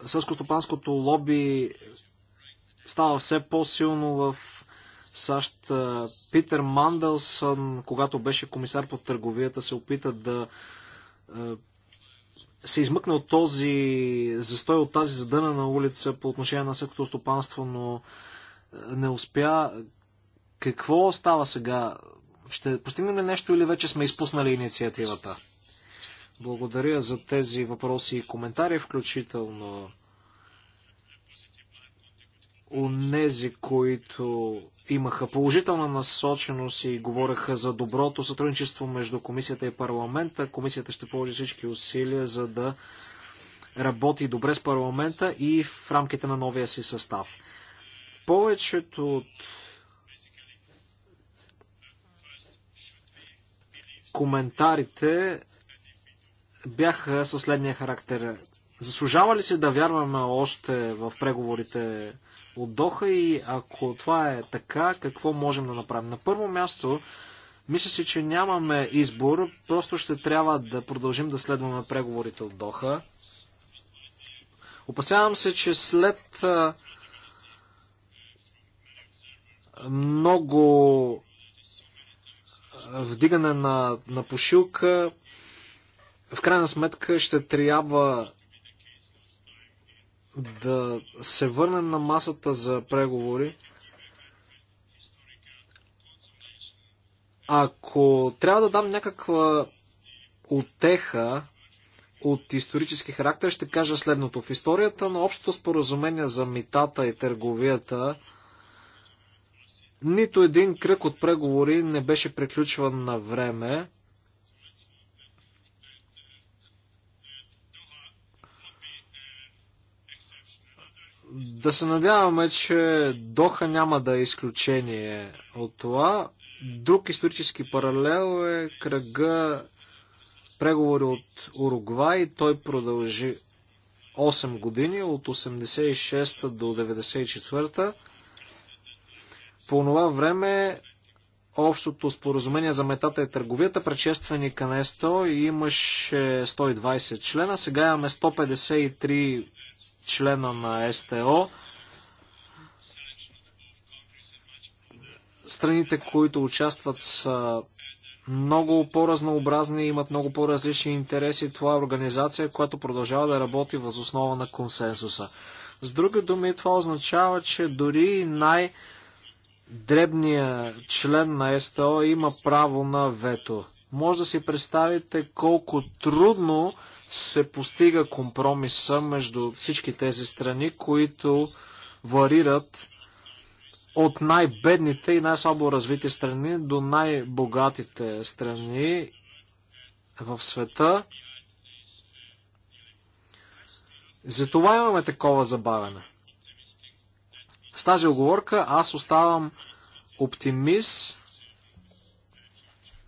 Сълскостопанското лоби става все по-силно в САЩ. Питер Мандълсън, когато беше комисар по търговията, се опита да е, се измъкне от този застой, от тази задъна на улица по отношение на всякото стопанство, но е, не успя. Какво става сега? Ще постигнем ли нещо или вече сме изпуснали инициативата? Благодаря за тези въпроси и коментари, включително нези, които имаха положителна насоченост и говореха за доброто сътрудничество между комисията и парламента. Комисията ще положи всички усилия, за да работи добре с парламента и в рамките на новия си състав. Повечето от коментарите бяха със следния характер. Заслужава ли се да вярваме още в преговорите от Доха и ако това е така, какво можем да направим? На първо място, мисля си, че нямаме избор, просто ще трябва да продължим да следваме преговорите от Доха. Опасявам се, че след много вдигане на, на пошилка, в крайна сметка ще трябва да се върнем на масата за преговори. Ако трябва да дам някаква отеха от исторически характер, ще кажа следното. В историята на общото споразумение за митата и търговията нито един кръг от преговори не беше приключван на време. Да се надяваме, че Доха няма да е изключение от това. Друг исторически паралел е кръга преговори от Уругвай. Той продължи 8 години, от 86 та до 94 По това време общото споразумение за метата и търговията, предшествени на имаше 120 члена, сега имаме 153 члена на СТО. Страните, които участват са много по-разнообразни, имат много по-различни интереси. Това е организация, която продължава да работи въз основа на консенсуса. С други думи, това означава, че дори най- дребният член на СТО има право на вето. Може да си представите колко трудно се постига компромиса между всички тези страни, които варират от най-бедните и най-слабо развити страни до най-богатите страни в света. Затова имаме такова забавяне. С тази оговорка аз оставам оптимист,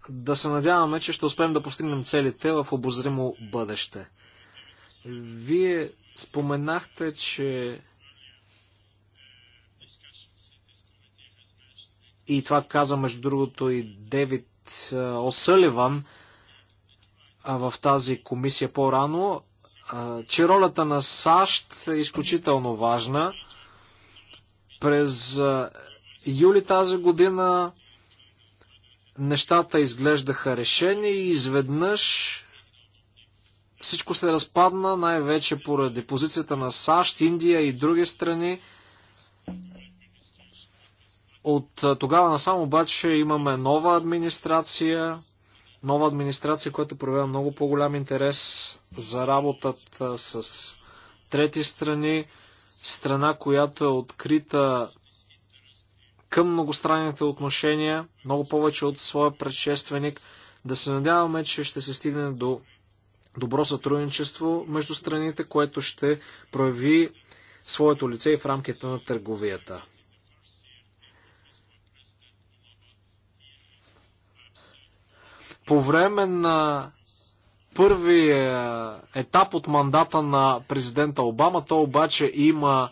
да се надяваме, че ще успеем да постигнем целите в обозримо бъдеще. Вие споменахте, че и това каза между другото и Девид Осъливан в тази комисия по-рано, че ролята на САЩ е изключително важна. През юли тази година нещата изглеждаха решени и изведнъж всичко се разпадна, най-вече поради позицията на САЩ, Индия и други страни. От тогава насам обаче имаме нова администрация, нова администрация, която проявява много по-голям интерес за работата с трети страни, страна, която е открита към многостранните отношения, много повече от своя предшественик. Да се надяваме, че ще се стигне до добро сътрудничество между страните, което ще прояви своето лице и в рамките на търговията. По време на първи етап от мандата на президента Обама, то обаче има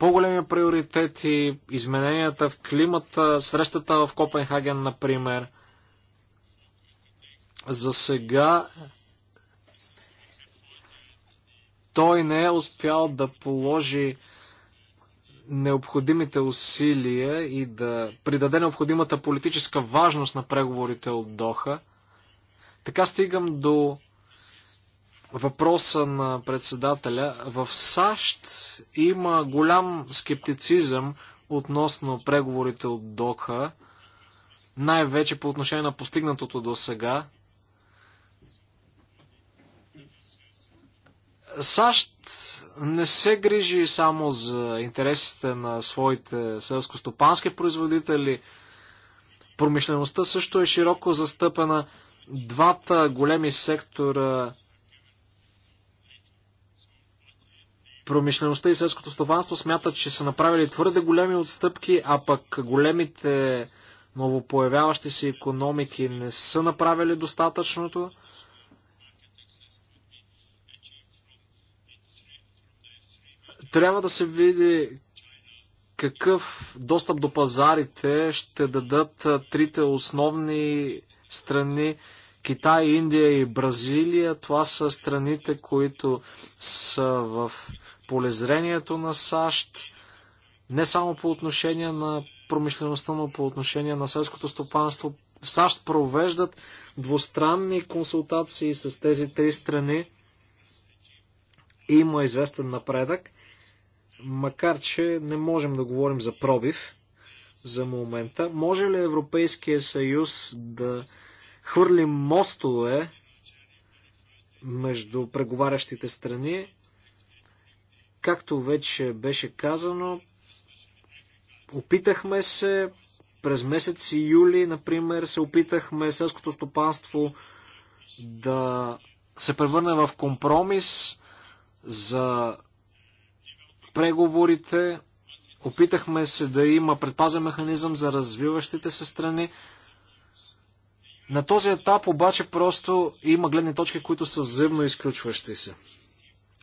по-големи приоритети, измененията в климата, срещата в Копенхаген, например. За сега той не е успял да положи необходимите усилия и да придаде необходимата политическа важност на преговорите от Доха. Така стигам до въпроса на председателя, в САЩ има голям скептицизъм относно преговорите от ДОКА, най-вече по отношение на постигнатото до сега. САЩ не се грижи само за интересите на своите сълско-стопански производители. Промишлеността също е широко застъпена. Двата големи сектора промишлеността и селското стопанство смятат, че са направили твърде големи отстъпки, а пък големите новопоявяващи се економики не са направили достатъчното. Трябва да се види какъв достъп до пазарите ще дадат трите основни страни Китай, Индия и Бразилия. Това са страните, които са в полезрението на САЩ, не само по отношение на промишлеността, но по отношение на селското стопанство. САЩ провеждат двустранни консултации с тези три страни. Има известен напредък, макар че не можем да говорим за пробив за момента. Може ли Европейския съюз да хвърли мостове между преговарящите страни? Както вече беше казано, опитахме се през месец юли, например, се опитахме селското стопанство да се превърне в компромис за преговорите. Опитахме се да има предпазен механизъм за развиващите се страни. На този етап обаче просто има гледни точки, които са взаимно изключващи се.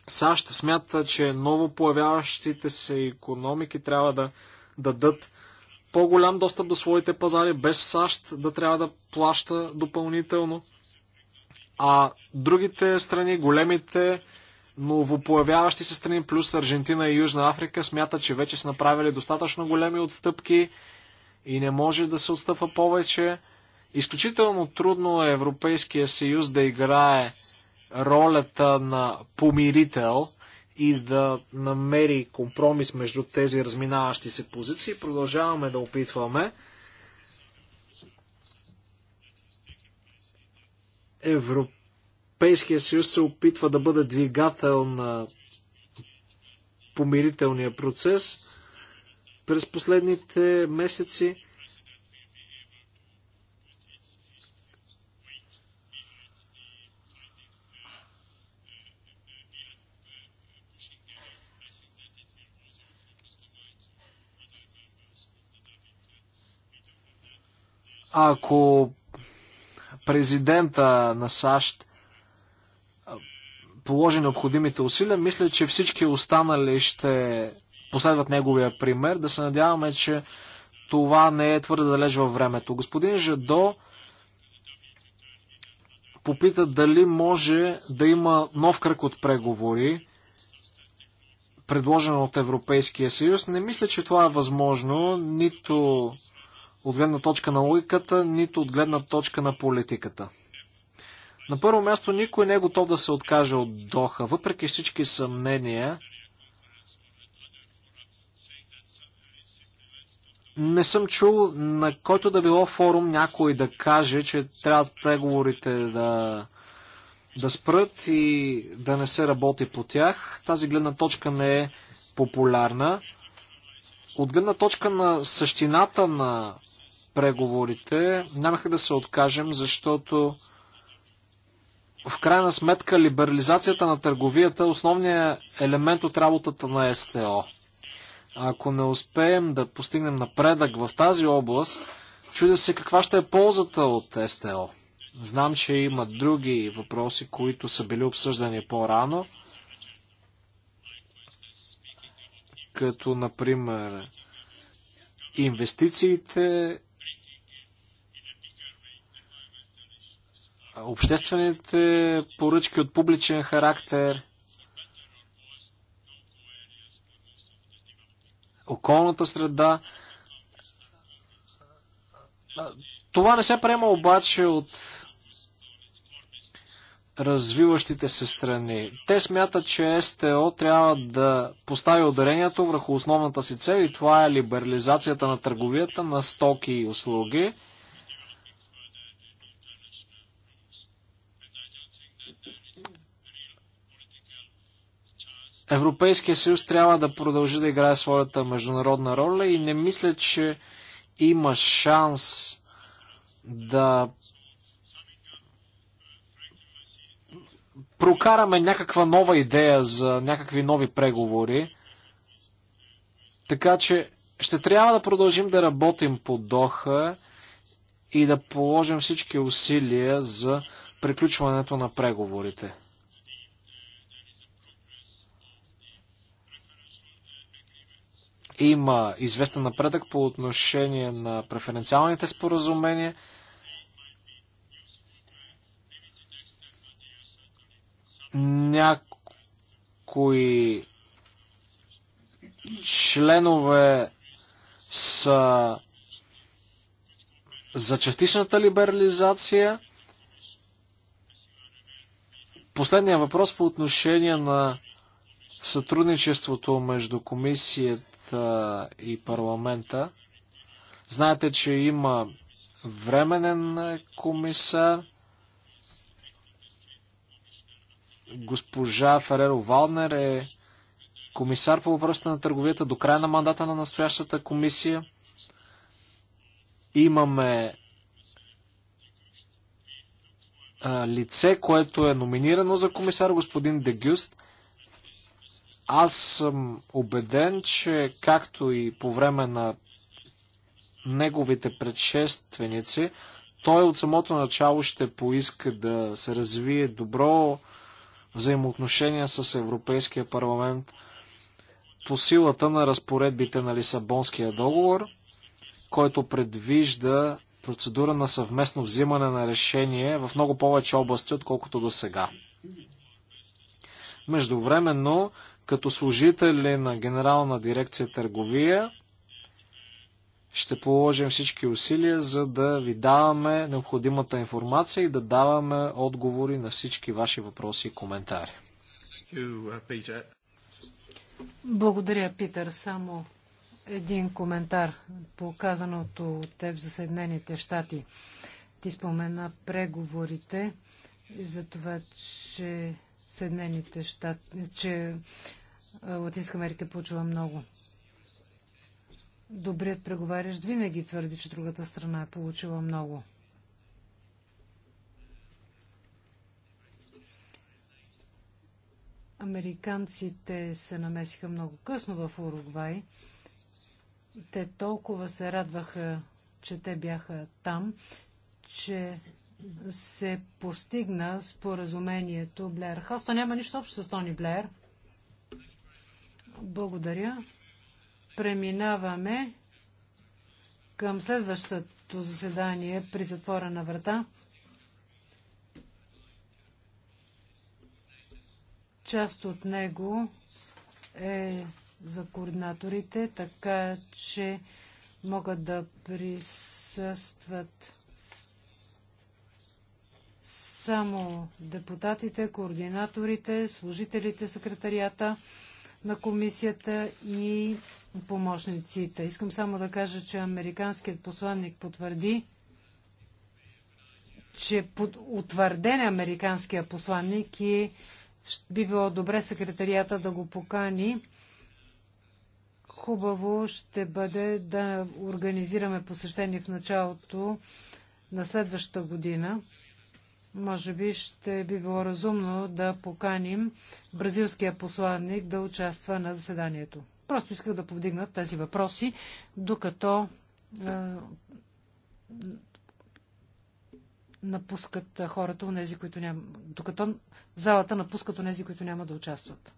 САЩ смята, че ново появяващите се економики трябва да дадат по-голям достъп до своите пазари, без САЩ да трябва да плаща допълнително. А другите страни, големите новопоявяващи се страни, плюс Аржентина и Южна Африка, смятат, че вече са направили достатъчно големи отстъпки и не може да се отстъпва повече. Изключително трудно е Европейския съюз да играе ролята на помирител и да намери компромис между тези разминаващи се позиции. Продължаваме да опитваме. Европейския съюз се опитва да бъде двигател на помирителния процес през последните месеци. Ако президента на САЩ положи необходимите усилия, мисля, че всички останали ще последват неговия пример. Да се надяваме, че това не е твърде далеч във времето. Господин Жадо попита дали може да има нов кръг от преговори, предложен от Европейския съюз. Не мисля, че това е възможно, нито от гледна точка на логиката, нито от гледна точка на политиката. На първо място никой не е готов да се откаже от Доха, въпреки всички съмнения. Не съм чул на който да било форум някой да каже, че трябва преговорите да, да спрат и да не се работи по тях. Тази гледна точка не е популярна. От гледна точка на същината на преговорите. Нямаха да се откажем, защото в крайна сметка либерализацията на търговията е основният елемент от работата на СТО. Ако не успеем да постигнем напредък в тази област, чудя се каква ще е ползата от СТО. Знам, че има други въпроси, които са били обсъждани по-рано, като, например, инвестициите обществените поръчки от публичен характер, околната среда. Това не се приема обаче от развиващите се страни. Те смятат, че СТО трябва да постави ударението върху основната си цел и това е либерализацията на търговията на стоки и услуги – Европейския съюз трябва да продължи да играе своята международна роля и не мисля, че има шанс да прокараме някаква нова идея за някакви нови преговори. Така че ще трябва да продължим да работим по Доха и да положим всички усилия за приключването на преговорите. Има известен напредък по отношение на преференциалните споразумения. Някои членове са за частичната либерализация. Последния въпрос по отношение на сътрудничеството между комисията и парламента. Знаете, че има временен комисар. Госпожа Фереро Валнер е комисар по въпросите на търговията до края на мандата на настоящата комисия. Имаме лице, което е номинирано за комисар, господин Дегюст – аз съм убеден, че както и по време на неговите предшественици, той от самото начало ще поиска да се развие добро взаимоотношение с Европейския парламент по силата на разпоредбите на Лисабонския договор, който предвижда процедура на съвместно взимане на решение в много повече области, отколкото до сега. Междувременно, като служители на Генерална дирекция търговия ще положим всички усилия, за да ви даваме необходимата информация и да даваме отговори на всички ваши въпроси и коментари. Uh, Благодаря, Питър. Само един коментар по казаното от теб за Съединените щати. Ти спомена преговорите за това, че Съединените щати, че е, Латинска Америка е получила много. Добрият преговарящ винаги твърди, че другата страна е получила много. Американците се намесиха много късно в Уругвай. Те толкова се радваха, че те бяха там, че се постигна споразумението Блер. Хоста няма нищо общо с Тони Блер. Благодаря. Преминаваме към следващото заседание при затвора на врата. Част от него е за координаторите, така че могат да присъстват само депутатите, координаторите, служителите, секретарията на комисията и помощниците. Искам само да кажа, че американският посланник потвърди, че под, утвърден американския посланник и би било добре секретарията да го покани. Хубаво ще бъде да организираме посещение в началото на следващата година. Може би ще би било разумно да поканим бразилския посланник да участва на заседанието. Просто исках да повдигна тези въпроси, докато е, напускат хората, онези, които няма, докато залата напускат онези, които няма да участват.